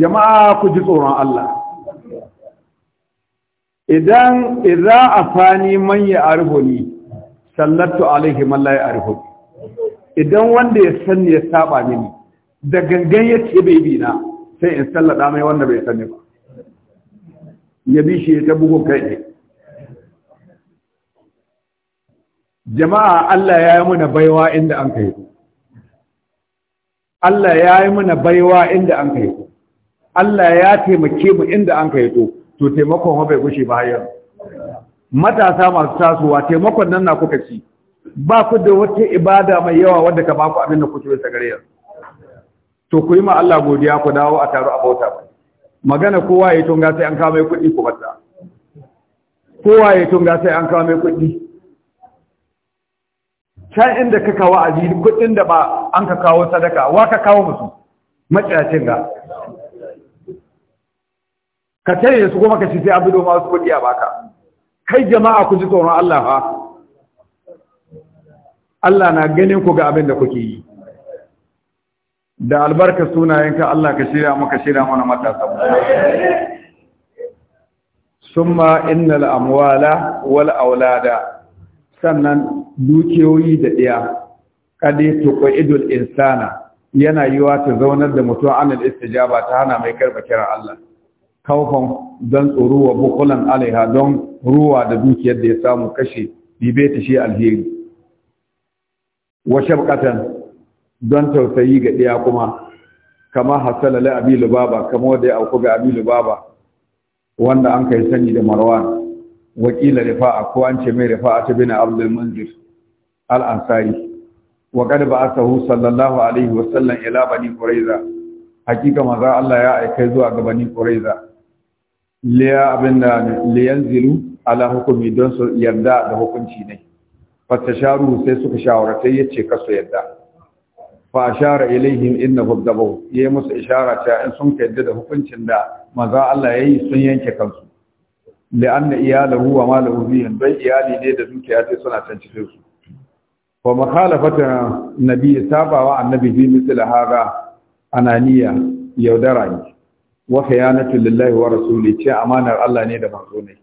jama'a ku ji tsoron Allah idan idza afani man ya arhuni sallatu alaihi man la arhu, idan wanda ya sanni ya saba mini da gangan ya ce bai bi na sai in sallada mai wanda bai sanni ba ya bi shi ta bugun kai jama'a Allah ya yi mana baiwa inda an kai Allah ya yi mana baiwa inda an kai ku Allah ya taimake mu inda an kai ku to taimakon wa bai gushe ba hayar matasa masu tasowa taimakon nan na kuka ci ba ku da wata ibada mai yawa wadda ka ba ku abin da ku wata gare yanzu to ku yi ma Allah godiya ku dawo a taro a bauta ba magana kowa ya tunga sai an kawo mai kuɗi ku bata kowa ya tunga sai an kawo mai kuɗi can inda ka kawo azizi kudin da ba an ka kawo sadaka wa ka kawo musu matsayacin ga ka da su kuma ka ci sai abido ma wasu kudi a baka kai jama'a ku ji tsoron Allah fa Allah na ganin ku ga abin da kuke yi da albarka ka Allah ka shirya maka shirya mana matasa summa innal amwala wal aulada sannan dukiyoyi da ɗiya kade tuko idul insana yana yiwa ta zaunar da mutum anil istijaba ta hana mai karba kiran Allah kaufan don tsoro wa bukulan alaiha don ruwa da dukiyar da ya samu kashe bibe ta shi alheri wa shabqatan don tausayi ga ɗaya kuma kama hasala la abi lubaba kama wanda ya auku ga abi lubaba wanda an kai sani da marwan wakila rifa'a ko an ce mai rifa'a ta bin abdul munzir al ansari wa qad ba'athahu sallallahu alaihi wa sallam ila bani quraiza hakika maza Allah ya aika zuwa ga bani quraiza liya abinda liyanzilu ala hukumi don su yarda da hukunci ne fatasharu sai suka shawaratai yace kasu yarda fa ashara ilaihim inna dabaw yayi musu ishara ta in sun yarda da hukuncin da maza Allah yayi sun yanke kansu li'anna iyalahu wa malahu bihin bai iyali ne da dukiya sai suna can cikin su wa makhalafata nabi sabawa annabi bi misla haga ananiya yaudara ne wa khiyanatu lillahi wa rasuli ce amanar Allah ne da manzo ne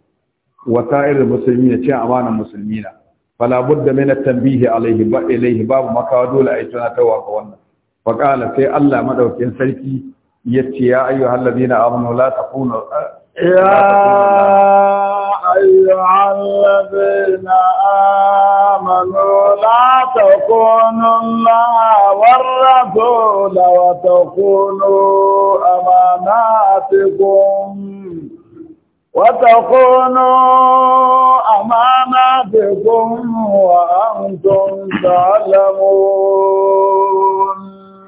wa sa'ir musulmi ce amanar musulmina fala budda min at-tanbih alayhi ba ilayhi babu makawa dole ai tunatarwa ga wannan fa qala sai Allah madaukin sarki yace ya ayyuhallazina amanu la takunu يا أيها الذين آمنوا لا تكونوا الله والرسول وتكونوا أماناتكم وتكونوا أماناتكم وأنتم تعلمون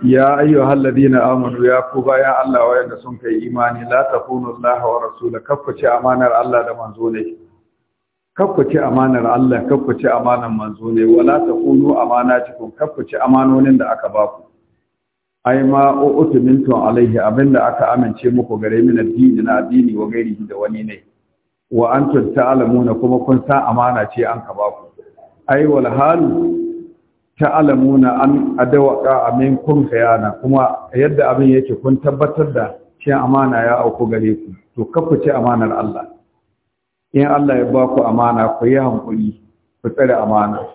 ya ayyuhal na amanu ya ku bayan Allah wayanda sun kai imani la takunu Allah wa rasula kafkace amanar Allah da manzo ne kafkace amanar Allah kafkace amanar manzo ne wala takunu amanatikum kafkace amanonin da aka ba ku ai ma utumintum alaihi abinda aka amince muku gare min addini na addini wa gairihi da wani ne wa antum ta'lamuna kuma kun san amana ce an ka ba ku ai wal halu ta'alamuna an adawaka kun khayana kuma yadda abin yake kun tabbatar da shi amana ya auku gare ku to kafu ci amanar Allah in Allah ya ba ku amana ku yi hankuri ku tsare amana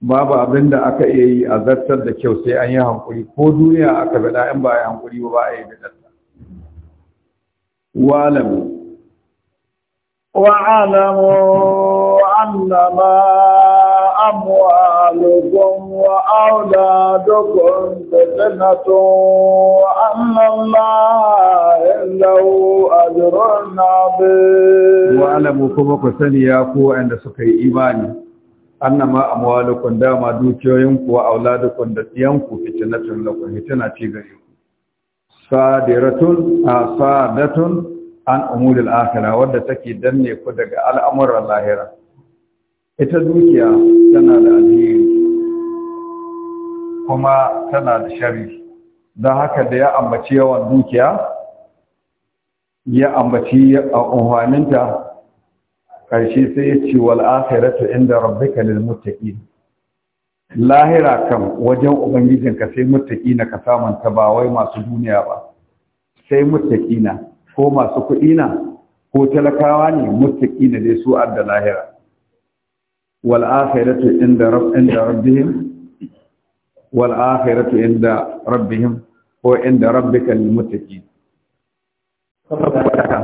babu abin da aka iya yi a zartar da kyau sai an yi hankuri ko duniya aka bada in ba a yi hankuri ba a yi da walamu wa'alamu annama amwalukum أولادكم فتنة وأن الله له أجر عظيم واعلموا كما كسني يا كو عند سكي إيماني annama amwalukum dama dukiyoyinku wa auladukum da tsiyanku fitnatun lakum fitna ce gare ku sadiratun asadatun an umuril akhirah wadda take danne ku daga al'amuran lahira ita dukiya tana da alheri kuma tana da shari don haka da ya ambaci yawan dukiya ya ambaci a umarninta ƙarshe sai ya ce wal akhiratu inda rabbika lil muttaqin lahira kan wajen ubangijinka sai na ka samunta ba wai masu duniya ba sai na ko masu kuɗi na ko talakawa ne na dai su adda lahira wal akhiratu inda rabbihim wal akhiratu inda rabbihim ko inda da na tana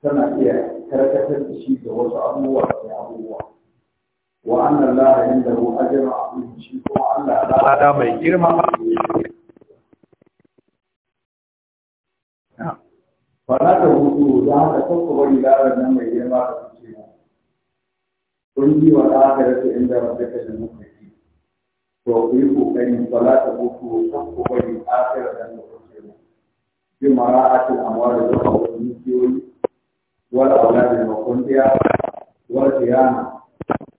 tana iya karkatar da shi ga wasu abubuwa da abubuwa wa annan laha inda hu ajra abin shi kuma Allah ya mai girma ba za ka hutu za ka sauka bari yaron nan mai girma da kuke ba kun yi wa za ka rasa inda ba zai kashe muka yi to ku yi kokari ba za ka hutu sauka bari da nan da kuke ba bi mara a akin amma da zuwa wani mukiyoyi wani aula da makon ɗaya wani tiyana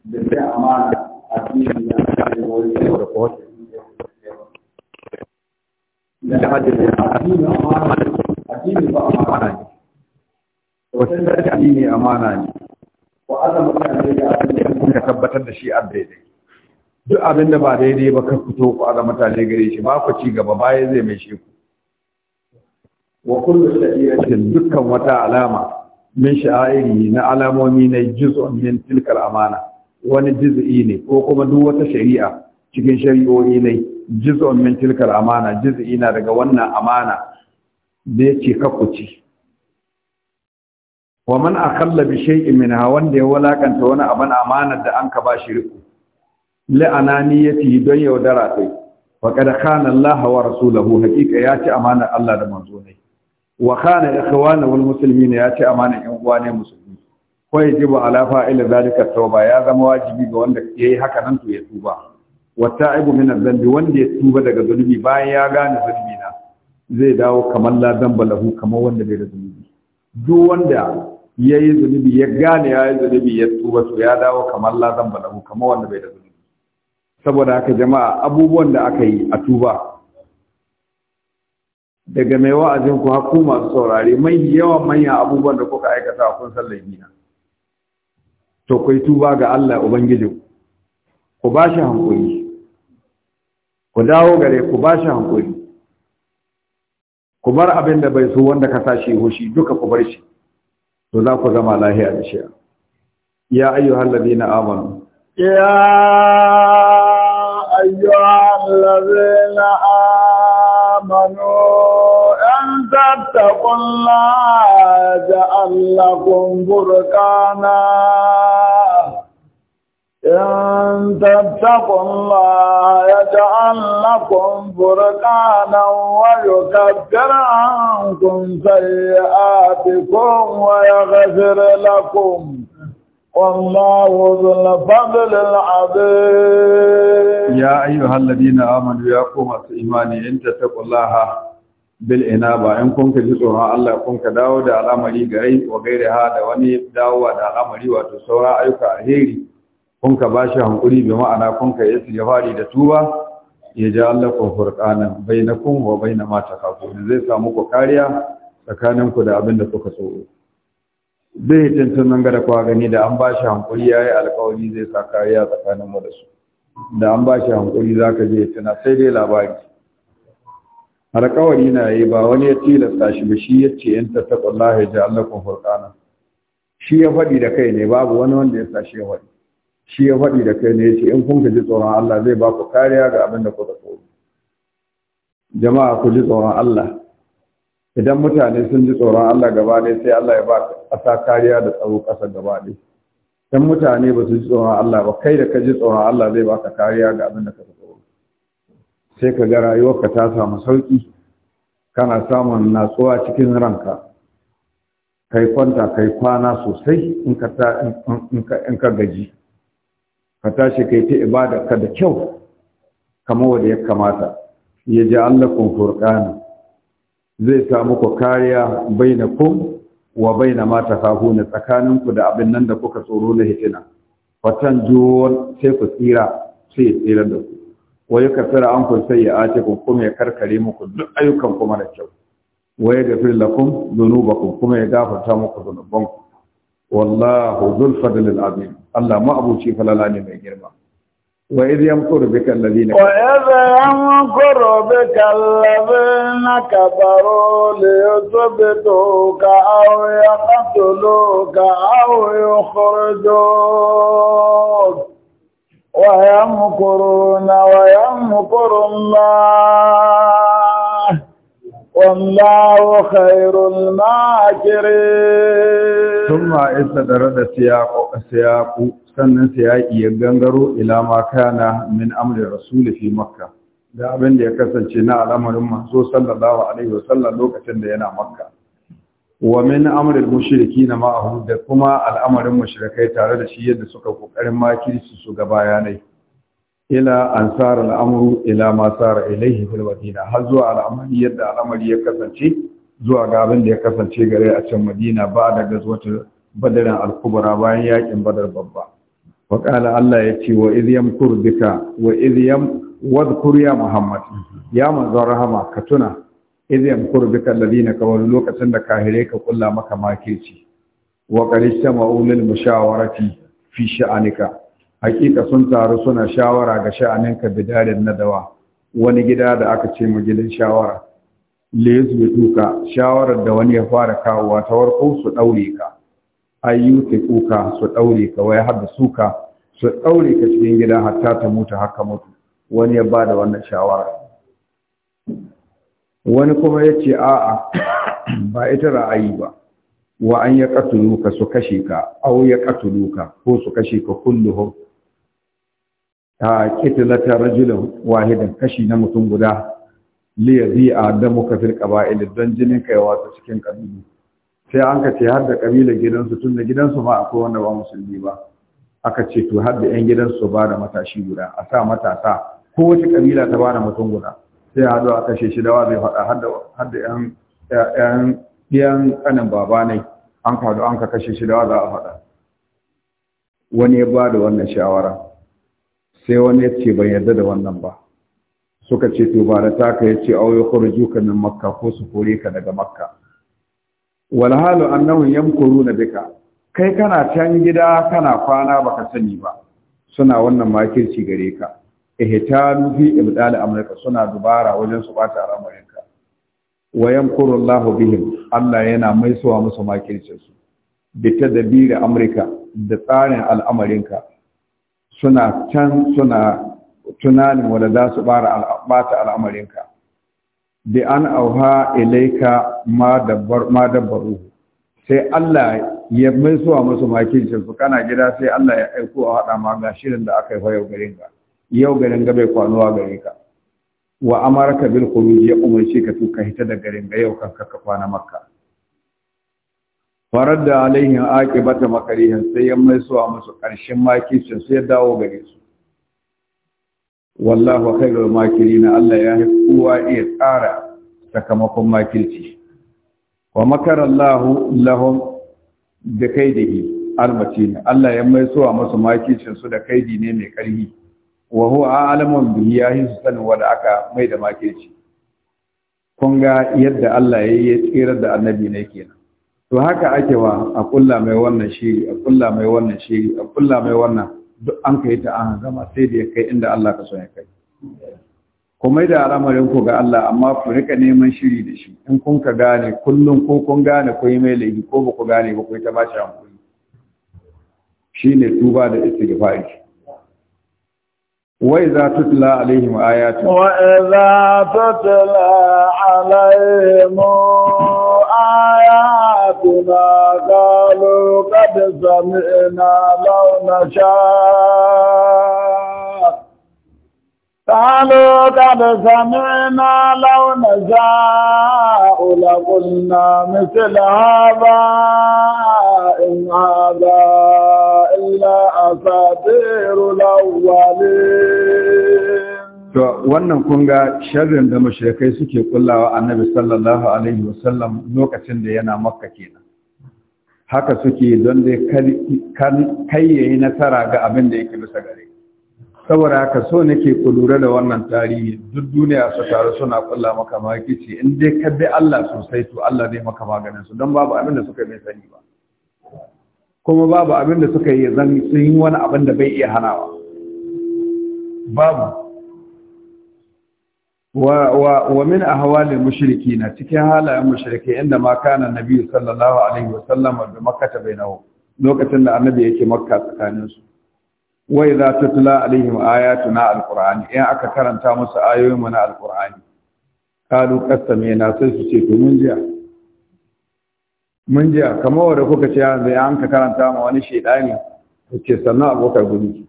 da zai amana a cikin yana da wani yau da kowace da hajji da addini ba amana ne wajen da addini amana ne wa azama mutane da tabbatar da shi a daidai duk abin da ba daidai ba ka fito ku azama mutane gare shi ba ku ci gaba baya zai mai shi ku wa kullu shay'in dukkan wata alama min sha'airi na alamomi na juz'un min tilkal amana wani juz'i ne ko kuma duk wata shari'a cikin shari'o'i ne juz'un min tilkal amana juz'i na daga wannan amana da yake ce kakkuci wa man akalla bi shay'in hawan wanda ya walakanta wani abin amana da an ka ba shi li ananiyati don yaudara sai wa qad khana Allah wa rasuluhu hakika ya ci amanar Allah da manzo ne wa khana ikhwana wal muslimin ya ci amanar yan uwa ne musulmi ko yajibu ala fa'il zalika tawba ya zama wajibi ga wanda yayi haka nan to ya tuba wa ta'ibu min adh wanda ya tuba daga zunubi bayan ya gane zunubi na zai dawo kamar ladan balahu kamar wanda bai da zunubi duk wanda ya yi zunubi ya gane ya yi zunubi ya tuba su, ya dawo kamar ladan balahu kamar wanda bai da zunubi saboda haka jama'a abubuwan da aka yi a tuba daga mai wa'azin ku haku masu saurare mai yawan manyan abubuwan da kuka aikata kun san laifina to kai tuba ga Allah ubangiji ku ba shi hankuri ku dawo gare ku ba shi hankuri ku bar abin da bai so wanda ka sa shi hoshi duka ku bar shi to za ku zama lahiya da shi ya ayyuhal na amanu ya ayyuhal ladina amanu an kulla da lakum burkana إن تتقوا الله يجعل لكم فرقانا ويكفر عنكم سيئاتكم ويغفر لكم والله ذو الفضل العظيم يا أيها الذين آمنوا يا قوم إيماني إن تتقوا الله بالإنابة إن كنت تسرها الله كنت داود على مري غير وغيرها دواني داود على مري وتسرى أيك أهيري kun ka ba shi hankuri bi ma'ana kun ka yi istighfari da tuba ya ja Allah bai na kun wa bai mata kafu da zai samu ku kariya tsakanin ku da abin da suka so zai tantance nan gada kwa gani da an ba bashi hankuri yi alkawari zai sa kariya tsakanin mu da su da an ba bashi hankuri ka je ya tana sai dai labari alkawari na yi ba wani ya tilasta shi ba shi yace in tattaqullahi ja Allah ku furqanan shi ya faɗi da kai ne babu wani wanda ya sa shi ya faɗi shi ya faɗi da kai ne ya ce in kun ji tsoron Allah zai ba ku kariya ga abin da kuka tsoro jama'a ku ji tsoron Allah idan mutane sun ji tsoron Allah gaba ɗaya sai Allah ya ba ƙasa kariya da tsaro ƙasa gaba ɗaya idan mutane ba su ji tsoron Allah ba kai da ka ji tsoron Allah zai ba ka kariya ga abin da ka tsoro sai ka ga rayuwarka ta samu sauki kana samun natsuwa cikin ranka kai kwanta kai kwana sosai in ka gaji ka tashi kai ta ibada ka da kyau kamar wanda ya kamata ya ji Allah kun furqana zai sa muku kariya ku wa baina ma tsakanin ku da abin nan da kuka tsoro na hitina fatan juwon sai ku tsira sai ya tsira da ku waye ka tsira an ku sai ya ace ku kuma ya karkare muku duk ayyukan kuma da kyau Waye ga fil lakum kuma ya gafarta muku dhunubanku والله ذو الفضل العظيم الله ما ابو شي فلا لاني مي غيرما واذا يمكر بك الذين واذا يمكر بك الذين كفروا ليثبتوك او يقتلوك او يخرجوك ويمكرون ويمكر الله والله خير الماكرين ثم استدر السياق السياق sannan siyaki ya gangaro ما كان من min الرسول في مكه makka da abin da ya kasance na al'amarin manzo sallallahu alaihi wasallam lokacin da yana makka wa min amri mushrikin ma'ahu da kuma al'amarin mushrikai tare da shi yadda suka kokarin makirci su ga bayanai ila an sara al'amuru ila ma sara ilaihi fil har zuwa al'amari yadda al'amari ya kasance zuwa ga abin da ya kasance gare a can madina ba da gazwata badarin al-kubra bayan yakin badar babba wa qala allah ya ce wa idh yamkur bika wa idh ya muhammad ya manzon rahama ka tuna idh yamkur bika ka wani lokacin da kahire ka kulla maka makirci wa qalishtama ulul mushawarati fi sha'anika hakika sun taru suna shawara ga sha'anin sha'aninka na dawa. wani gida da aka ce mu gidan shawara le tuka shawarar da wani ya fara kawowa ta warko su daure ka ta kuka su daure ka wai da suka su daure ka cikin gida hatta ta mutu haka mutu wani ya bada wannan shawara wani kuma ya ce a'a ba ita ra'ayi ba wa an ya katuluka su kashe ka au ya katuluka ko su kashe ka kulluhu a kitilata rajulun wahidan kashi na mutum guda liyazi a da muka fil qaba'il don jinin kai wato cikin kabilu sai an ka ce har da kabilar gidansu tun da gidansu ma akwai wanda ba musulmi ba aka ce to har da yan gidansu ba da matashi guda a sa matasa ko wace kabila ta ba da mutum guda sai hado a kashe shi da wa zai faɗa har da yan yan yan kanin baba ne an ka an ka kashe shi da wa za a faɗa wani ya ba da wannan shawara sai wani ya ce bai yarda da wannan ba suka ce to ba da taka ya ce auyo kurju ka min makka ko su kore ka daga makka wal halu annahum yamkuruna bika kai kana can gida kana kwana baka sani ba suna wannan makirci gare ka ihtanu fi ibdal amrika suna dubara wajen su bata ramarin ka wa yamkuru Allah bihim Allah yana maisuwa musu makircin su bi tadabira amrika da tsarin al'amarin ka suna can suna tunanin wanda za su bata al'amarinka bi an auha ilaika ma dabbaru sai Allah ya mai suwa masu makin su kana gida sai Allah ya aiko a haɗa ma ga shirin da aka yi yau garin ga. yau garin ga bai kwanuwa gare ka wa amarka bil khuruj ya umarci ka tuka hita da garin ga yau kan ka kwana makka farar da alaihin ake bata makarihin sai ya mai suwa musu ƙarshen makicin sai ya dawo gare su wallahu khairul na Allah ya yi kowa iya tsara sakamakon makirci wa makara da kai da kaidihi ne. Allah ya mai suwa musu makicin su da kaidi ne mai ƙarfi wa huwa alamun bihi ya yi sanin wanda aka mai da makirci kun ga yadda Allah ya yi tsirar da annabi ne kenan to haka ake wa a kulla mai wannan shiri a kulla mai wannan shiri a kulla mai wannan duk an kai ta an gama sai da ya kai inda Allah ka so ya kai kuma da al'amarin ku ga Allah amma ku rika neman shiri da shi in kun ka gane kullum ko kun gane ko yi mai laifi ko ba ku gane ba ku ta ba shi hankali ne tuba da istighfari tutla alaihim ayatu wa وإذا tutla alaihim آياتنا قالوا قد سمعنا لو نشاء قالوا قد سمعنا لو نشاء لقلنا مثل هذا إن هذا إلا أساطير الأولين to wannan kun ga sharrin da mashirkai suke kullawa annabi sallallahu alaihi wasallam lokacin da yana makka kenan haka suke don dai kan ya yayi nasara ga abin da yake bisa gare saboda haka so nake ku lura da wannan tarihi duk duniya su taru suna kulla maka makici in dai ka bi Allah sosai to Allah zai maka maganin su don babu abin da suka bai sani ba kuma babu abin da suka yi zan sun yi wani abin da bai iya hanawa babu wa min ahwalil mushrikina cikin halayen mushrike inda ma kana nabi sallallahu alaihi wa sallam, da makkata bainahu lokacin da annabi yake makka tsakanin su wa idza tutla alaihim ayatuna alqur'ani in aka karanta musu ayoyin mu na alqur'ani kalu na sai su ce to mun jiya mun jiya kamar wanda kuka ce yanzu an ka karanta ma wani shedani ce sannan abokan gudu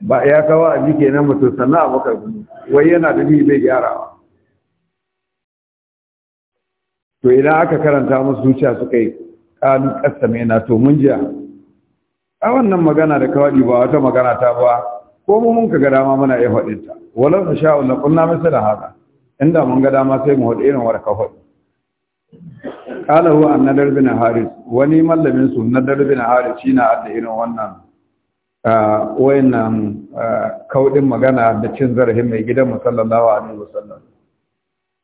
ba ya kawo a abi na mutum sannan abokar gudu wai yana da bi bai ba to idan aka karanta musu zuciya suka yi kalu mai na to mun jiya a wannan magana da kawai ba wata magana ta ba ko mu mun ka ga dama muna iya faɗin ta walau ta sha na kunna masa da haka inda mun ga dama sai mu haɗe irin warka faɗi kala an nadar bin haris wani mallamin su nadar bin haris shi na adda irin wannan wayannan kaudin magana da cin zarafin mai gidan mu a alaihi wasallam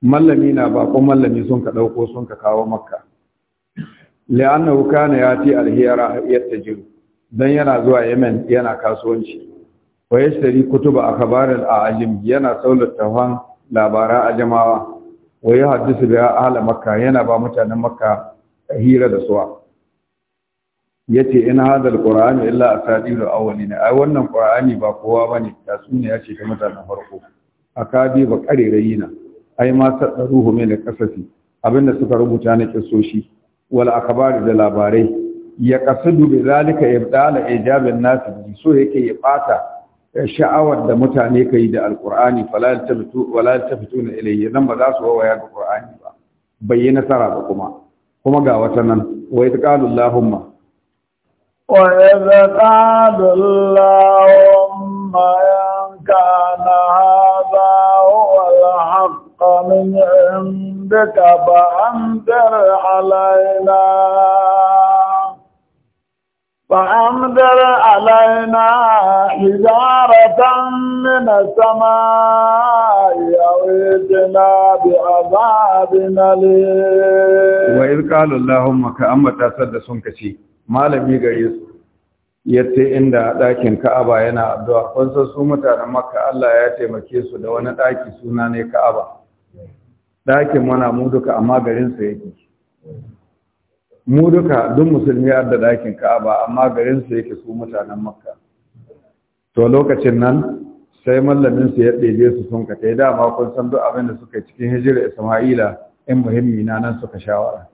mallami na ba ko mallami sun ka dauko sun ka kawo makka li'annahu kana yati alhiyara hiyara dan yana zuwa Yemen yana kasuwanci wa yashtari kutuba akhbar a ajim yana saulat tawan labara jama'a wa yahaddisu bi ahli makka yana ba mutanen makka hira da suwa yace in hadal qur'anu illa a asadirul ne. ai wannan qur'ani ba kowa bane ya ce ta mutanen farko akabi ba karerayi na ai ma mai min qasasi abinda suka rubuta na kissoshi wal akbar da labarai ya qasadu bi zalika ibdala ijabin nasu nas so yake ya bata sha'awar da mutane ka yi da alqur'ani wala tabtu fito na ilayhi dan ba za su waya ga ƙur'ani ba bayyana nasara ba kuma kuma ga wata nan wa yaqulu وإذ قال اللهم إن كان هذا هو الحق من عندك فأنذر علينا فأنذر علينا حجارة من السماء أو ائتنا بعذاب أليم وإذ قال اللهم كأمة تسد سنكشي malami gare su ce inda ɗakin Ka'aba yana addu'a kun su mutanen Makka Allah ya taimake su da wani ɗaki suna ne Ka'aba ɗakin mana mu duka amma garin su yake mu duka duk musulmi ya da ɗakin Ka'aba amma garin su yake su mutanen Makka to lokacin nan sai mallamin ya ɗebe su sun ka kai dama kun san duk abin da suka cikin hijira Isma'ila in muhimmi na nan suka shawara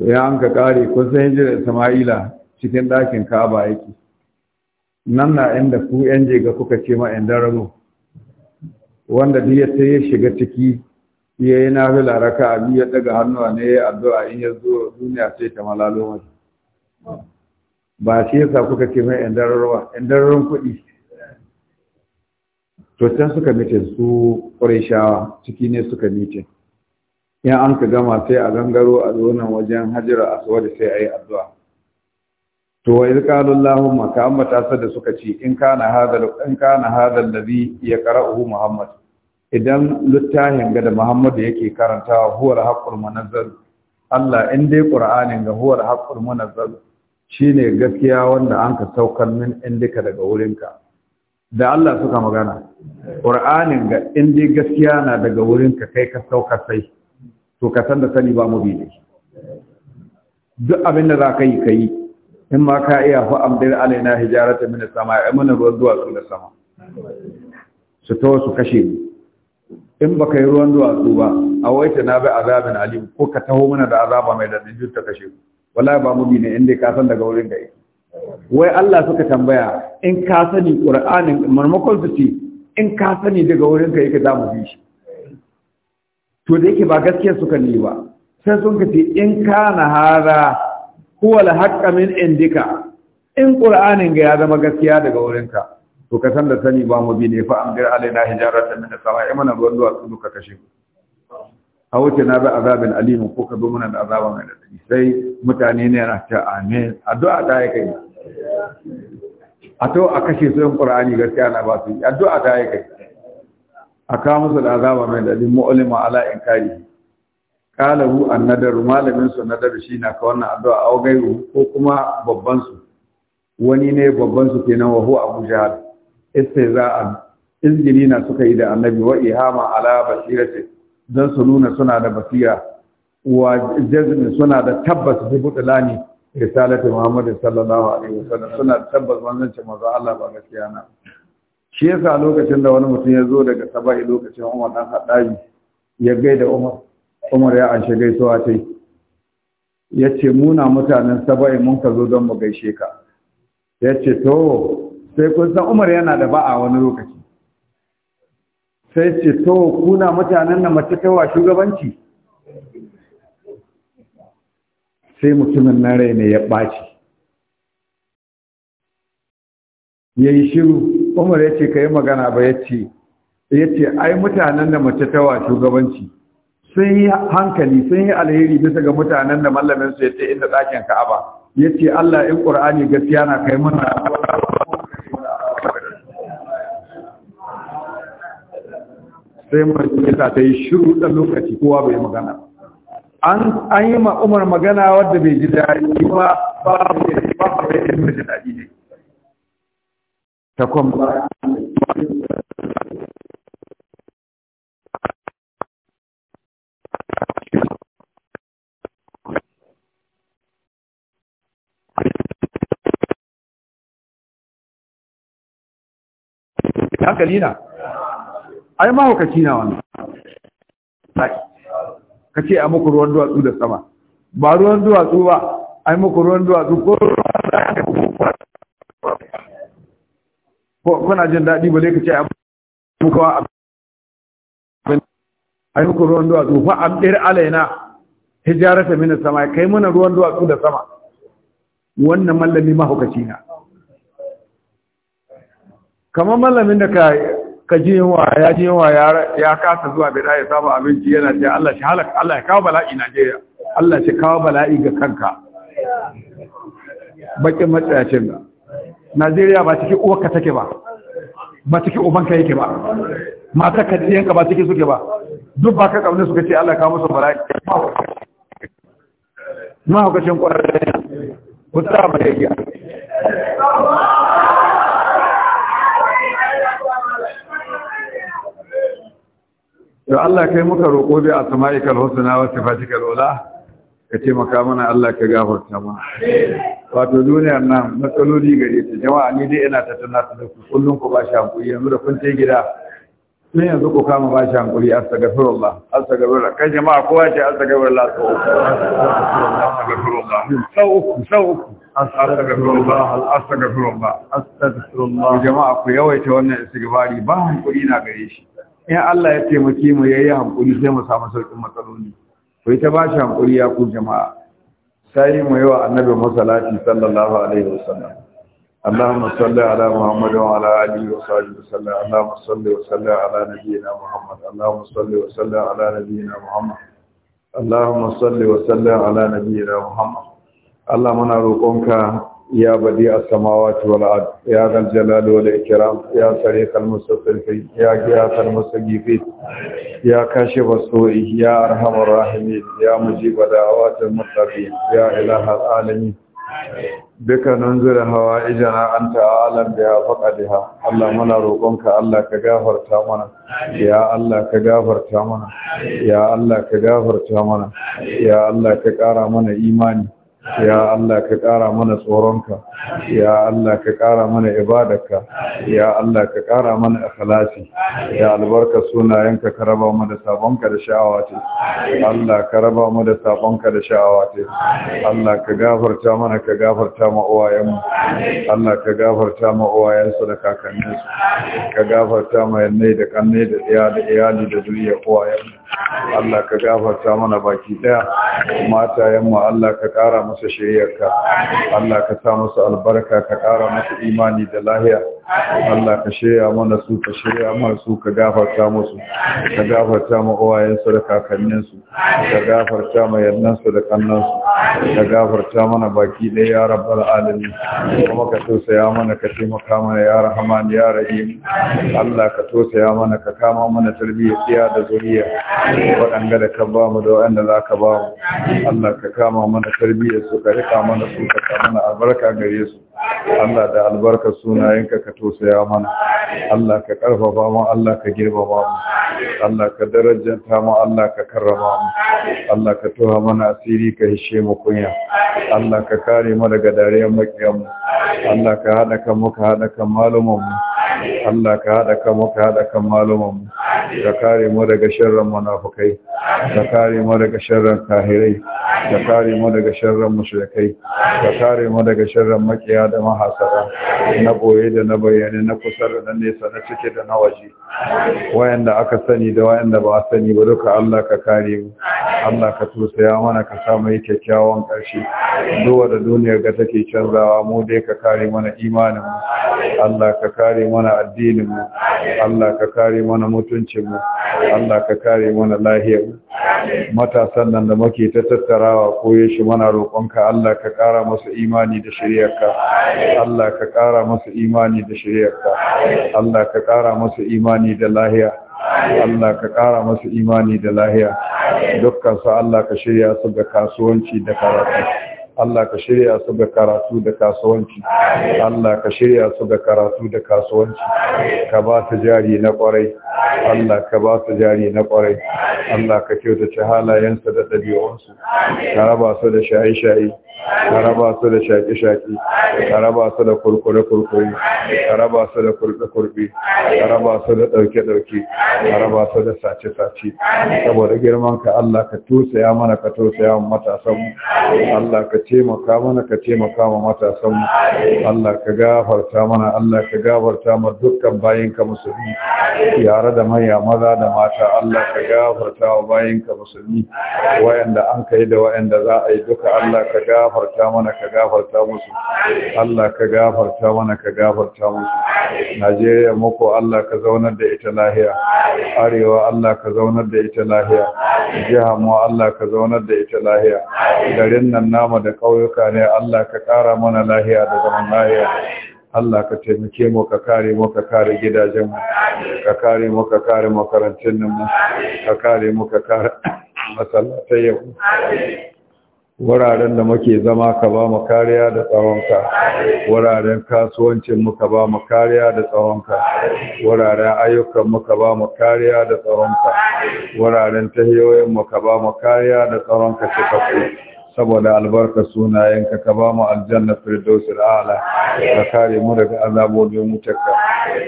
to ya an ka kare kusan hijirar Isma'ila cikin ɗakin kaba yake nan na inda ku yan jega kuka ce ma yan wanda duk ya ya shiga ciki ya yi laraka a biyu ya daga hannuwa ne ya addu'a in ya zo duniya sai ta malalo mai ba shi yasa kuka ce mai yan dararwa yan kuɗi to can suka mitin su shawa, ciki ne suka mitin in an ka gama sai a gangaro a zonan wajen hajjira aswad sai a yi addu'a to wa izqalu allahumma ka ambata sa da suka ce in kana hadal in kana hadal ladhi yaqra'uhu muhammad idan littafin ga da muhammad yake karantawa huwal haqqul munazzal Allah in dai qur'anin ga huwal haqqul Shi shine gaskiya wanda an ka saukar min indika daga wurinka da Allah suka magana qur'anin ga in dai gaskiya na daga wurinka kai ka saukar sai to ka san da sani ba mu bi da shi duk abin da za ka yi ka yi in ma ka iya fa amdir alaina hijarata min sama ai mana ruwan duwatsu da sama su to su kashe mu in baka yi ruwan duwatsu ba a waita na bai azabin alim ko ka taho mana da azaba mai dadin jin ta kashe ku. wallahi ba mu bi ne dai ka san daga wurin da yake wai Allah suka tambaya in ka sani qur'anin marmakon su ce in ka sani daga wurin ka yake za mu bi shi to da yake ba gaskiyar suka ne ba sai sun ka ce in kana hada huwa al min indika in qur'anin ga ya zama gaskiya daga wurinka to ka san da sani ba mu bi ne fa amdir alaina hijaratan min as-sama'i mana ruwan duwatsu duka kashe ku. a wuce na bi azabin alimu ko ka zo mana da azaban mai dadi sai mutane ne na ta amin addu'a ta yake kai a to a kashe su yin qur'ani gaskiya na ba su addu'a ta yake kai a kawo musu da azaba mai dalilin mu'ulima ala in kari kalahu an nadaru malamin su nadaru shi na ka wannan addu'a a gairu ko kuma babban su wani ne babban su kenan wa wahu abu jahal istiza'an izgiri na suka yi da annabi wa ihama ala basirati dan su nuna suna da basira wa jazmi suna da tabbas bi budlani risalati muhammad sallallahu alaihi wasallam suna da tabbas ce manzo Allah ba gaskiya na shi yasa lokacin da wani mutum ya zo daga saba'i lokacin umar dan haɗari ya gaida umar umar ya anshe gaisuwa ta ya ce muna mutanen saba'i mun ka zo don mu gaishe ka ya ce to sai kun san umar yana da ba'a wani lokaci sai ce to kuna mutanen nan mace kaiwa shugabanci sai mutumin na rai ne ya ɓaci ya yi shiru umar ya ce ka yi magana ba ya ce ya ce ai mutanen da mace tawa shugabanci sun yi hankali sun yi alheri bisa ga mutanen da mallamin su ya ce inda ɗakin ka'aba ya ce allah in ƙur'ani gaskiya na kai mana sai majalisa ta yi shiru ɗan lokaci kowa bai magana an yi ma umar magana wadda bai ji daɗi ba ba bai ji daɗi ne ta kwamba hankali na ai na wani ka ce a muku ruwan duwatsu da sama ba ruwan duwatsu ba ai muku ruwan duwatsu ko ruwan da aka kuma kuna jin daɗi ba ka ce abu kawa abin a yi muku ruwan duwatsu fa abdir alaina hijarata min sama kai mana ruwan duwatsu da sama wannan mallami mahaukaci na kamar mallamin da ka ka ji yawa ya ji yawa ya kasa zuwa bida ya samu abinci yana ce Allah shi halaka Allah ya kawo bala'i Najeriya Allah shi kawo bala'i ga kanka bakin matsayacin nan najeriya ba cikin uwarka take ba ba cikin ubanka yake ba mata ka ɗiyanka ba cikin suke ba duk ba ka ƙaunin suka ce allah kawo musu bara'i ma hukacin ƙwararren Ku ba da iya Ya allah kai muka roƙo bi a sama'ikar husna wa sifatikal ula ka taimaka mana Allah ka gafarta mana wato duniyar nan matsaloli gare ta jama'a ni dai ina ta tana da ku kullum ku ba shi hankuri yanzu da kun tai gida Sun yanzu ku kama ba shi hankuri astagfirullah astagfirullah kai jama'a kowa ce astagfirullah sau astagfirullah sau uku sau uku astagfirullah astagfirullah Ku jama'a ku yawaita wannan istighfari ba hankuri na gare shi in Allah ya taimake mu yayi hankuri sai mu samu sauƙin matsaloli ku ta ba shi hankuri ya ku jama'a sai mu yawa annabi musallati sallallahu alaihi wasallam اللهم صل على محمد وعلى اله وصحبه وسلم اللهم صل وسلم على نبينا محمد اللهم صل وسلم على نبينا محمد اللهم صل وسلم على نبينا محمد اللهم انا روقك يا بديع السماوات والأرض يا ذا الجلال والإكرام يا صريخ المستغفرين يا غياث المستغيثين يا كاشف السوء يا أرحم الراحمين يا مجيب دعوات المتقين يا إله العالمين بك ننزل هوائجنا أنت أعلم بها فقدها اللهم لا روقنك الله كغافر تامنا يا الله كغافر تامنا يا الله كغافر تامنا يا الله كقارا من إيماني ya Allah ka ƙara mana tsoronka ya Allah ka ƙara mana ibadarka ya Allah ka ƙara mana akhlasi ya albarka sunayenka ka raba mu da sabonka da sha'awati Allah ka raba mu da sabonka da sha'awati Allah ka gafarta mana ka gafarta ma uwayenmu Allah ka gafarta ma su da kakanninsu ka gafarta ma yanne da kanne da iyali da iyali da zuriya uwayenmu Allah ka gafarta mana baki daya matayen mu Allah ka kara musu shiriyarka Allah ka sa musu albarka ka kara musu imani da lahiya Allah ka shirya mana su ka shirya mana su ka gafarta musu ka gafarta ma su da kakanninsu ka gafarta ma yannansu da su ka gafarta mana baki ɗaya ya rabbal alamin kuma ka tausaya mana ka taimaka mana ya rahman ya rahim Allah ka tausaya mana ka kama mana tarbiyya tsiya da zuriya waɗanda da ka ba mu da waɗanda za ka ba mu Allah ka kama mana tarbiyyar su ka rika mana su ka kama mana albarka gare su Allah da albarkar sunayenka ka tosaya mana Allah ka karfafa mu Allah ka girmama mu Allah ka darajanta mu Allah ka karrama mu Allah ka tuha mana asiri ka hishe mu kunya Allah ka kare mu daga dariyar makiyan mu Allah ka haɗa kan mu ka kan malumin mu Allah ka haɗa kan mu haɗa kan malumanmu ka kare mu daga sharran munafukai ka kare mu daga sharran kahirai ka kare mu daga sharran mushrikai ka kare mu daga sharran makiya da mahasara na boye da na bayyane na kusa da na nesa na cike da na waje wayanda aka sani da wayanda ba a sani ba duka Allah ka kare mu Allah ka tusaya mana ka sa mai kyakkyawan ƙarshe duwa da duniyar ga take canzawa mu dai ka kare mana imanin mu Allah ka kare mana mana addininmu mu Allah ka kare mana mutuncin mu Allah ka kare mana lahiyar mu matasan nan da muke ta tattarawa koye shi mana roƙonka Allah ka ƙara musu imani da shiryarka Allah ka ƙara musu imani da shiryarka Allah ka ƙara musu imani da lahiya Allah ka ƙara musu imani da lahiya dukkan su Allah ka shirya su ga kasuwanci da karatu Allah ka shirya su ga karatu da kasuwanci Allah ka shirya su ga karatu da kasuwanci ka ba su jari na kwarai Allah ka ba su jari na kwarai Allah ka kyautace halayensa da ɗabi'unsu ka raba su da shaye-shaye ka raba su da shaƙe-shaƙe ka raba su da kurkure-kurkure ka raba su da kurbe-kurbe ka raba su da ɗauke-ɗauke ka raba su da sace-sace saboda girman ka Allah ka tusaya mana ka tusaya wa matasanmu Allah ka taimaka mana ka taimaka wa matasanmu Allah ka gafarta mana Allah ka gafarta ma dukkan bayinka musulmi yare da manya maza da mata Allah ka gafarta wa bayinka musulmi wayanda an kai da wayanda za a yi duka Allah ka gafarta mana ka gafarta musu Allah ka gafarta mana ka gafarta gafarta musu Najeriya muku Allah ka zaunar da ita lahiya arewa Allah ka zaunar da ita lahiya jiha mu Allah ka zaunar da ita lahiya garin nan nama da ƙauyuka ne Allah ka ƙara mana lahiya da zaman lahiya Allah ka taimake mu ka kare mu ka kare gidajen mu ka kare mu ka kare makarantun mu ka kare mu ka kare masallatai yau wuraren da muke zama ka ba mu kariya da tsawonka wuraren kasuwancin mu ka ba mu kariya da tsawonka wuraren ayyukan mu ka ba mu kariya da tsawonka wuraren tahiyoyin mu ka ba mu kariya da tsaronka cikakku saboda albarka sunayenka ka ba mu aljanna firdausul a'la ka kare mu daga azabobin mutakka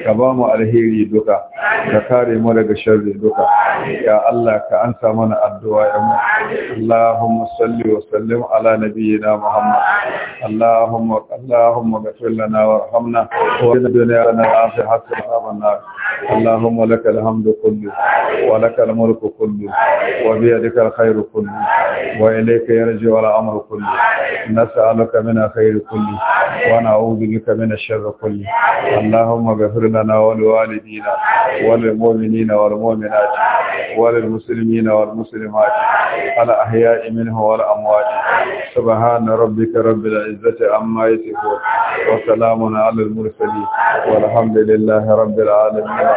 ka ba mu alheri duka ka kare mu daga sharri duka ya Allah ka ansa mana addu'a mu Allahumma salli wa sallim ala nabiyyina Muhammad Allahumma Allahumma ghfir lana warhamna wa dunya lana afi hatta amanna Allahumma lakal hamdu kullu wa lakal mulku kullu wa bi yadika alkhayru kullu wa ilayka yarji أمر كله نسألك من خير كله ونعوذ بك من الشر كله اللهم اغفر لنا ولوالدينا وللمؤمنين والمؤمنات وللمسلمين والمسلمات الأحياء منه والأموات سبحان ربك رب العزة عما يصفون وسلام على المرسلين والحمد لله رب العالمين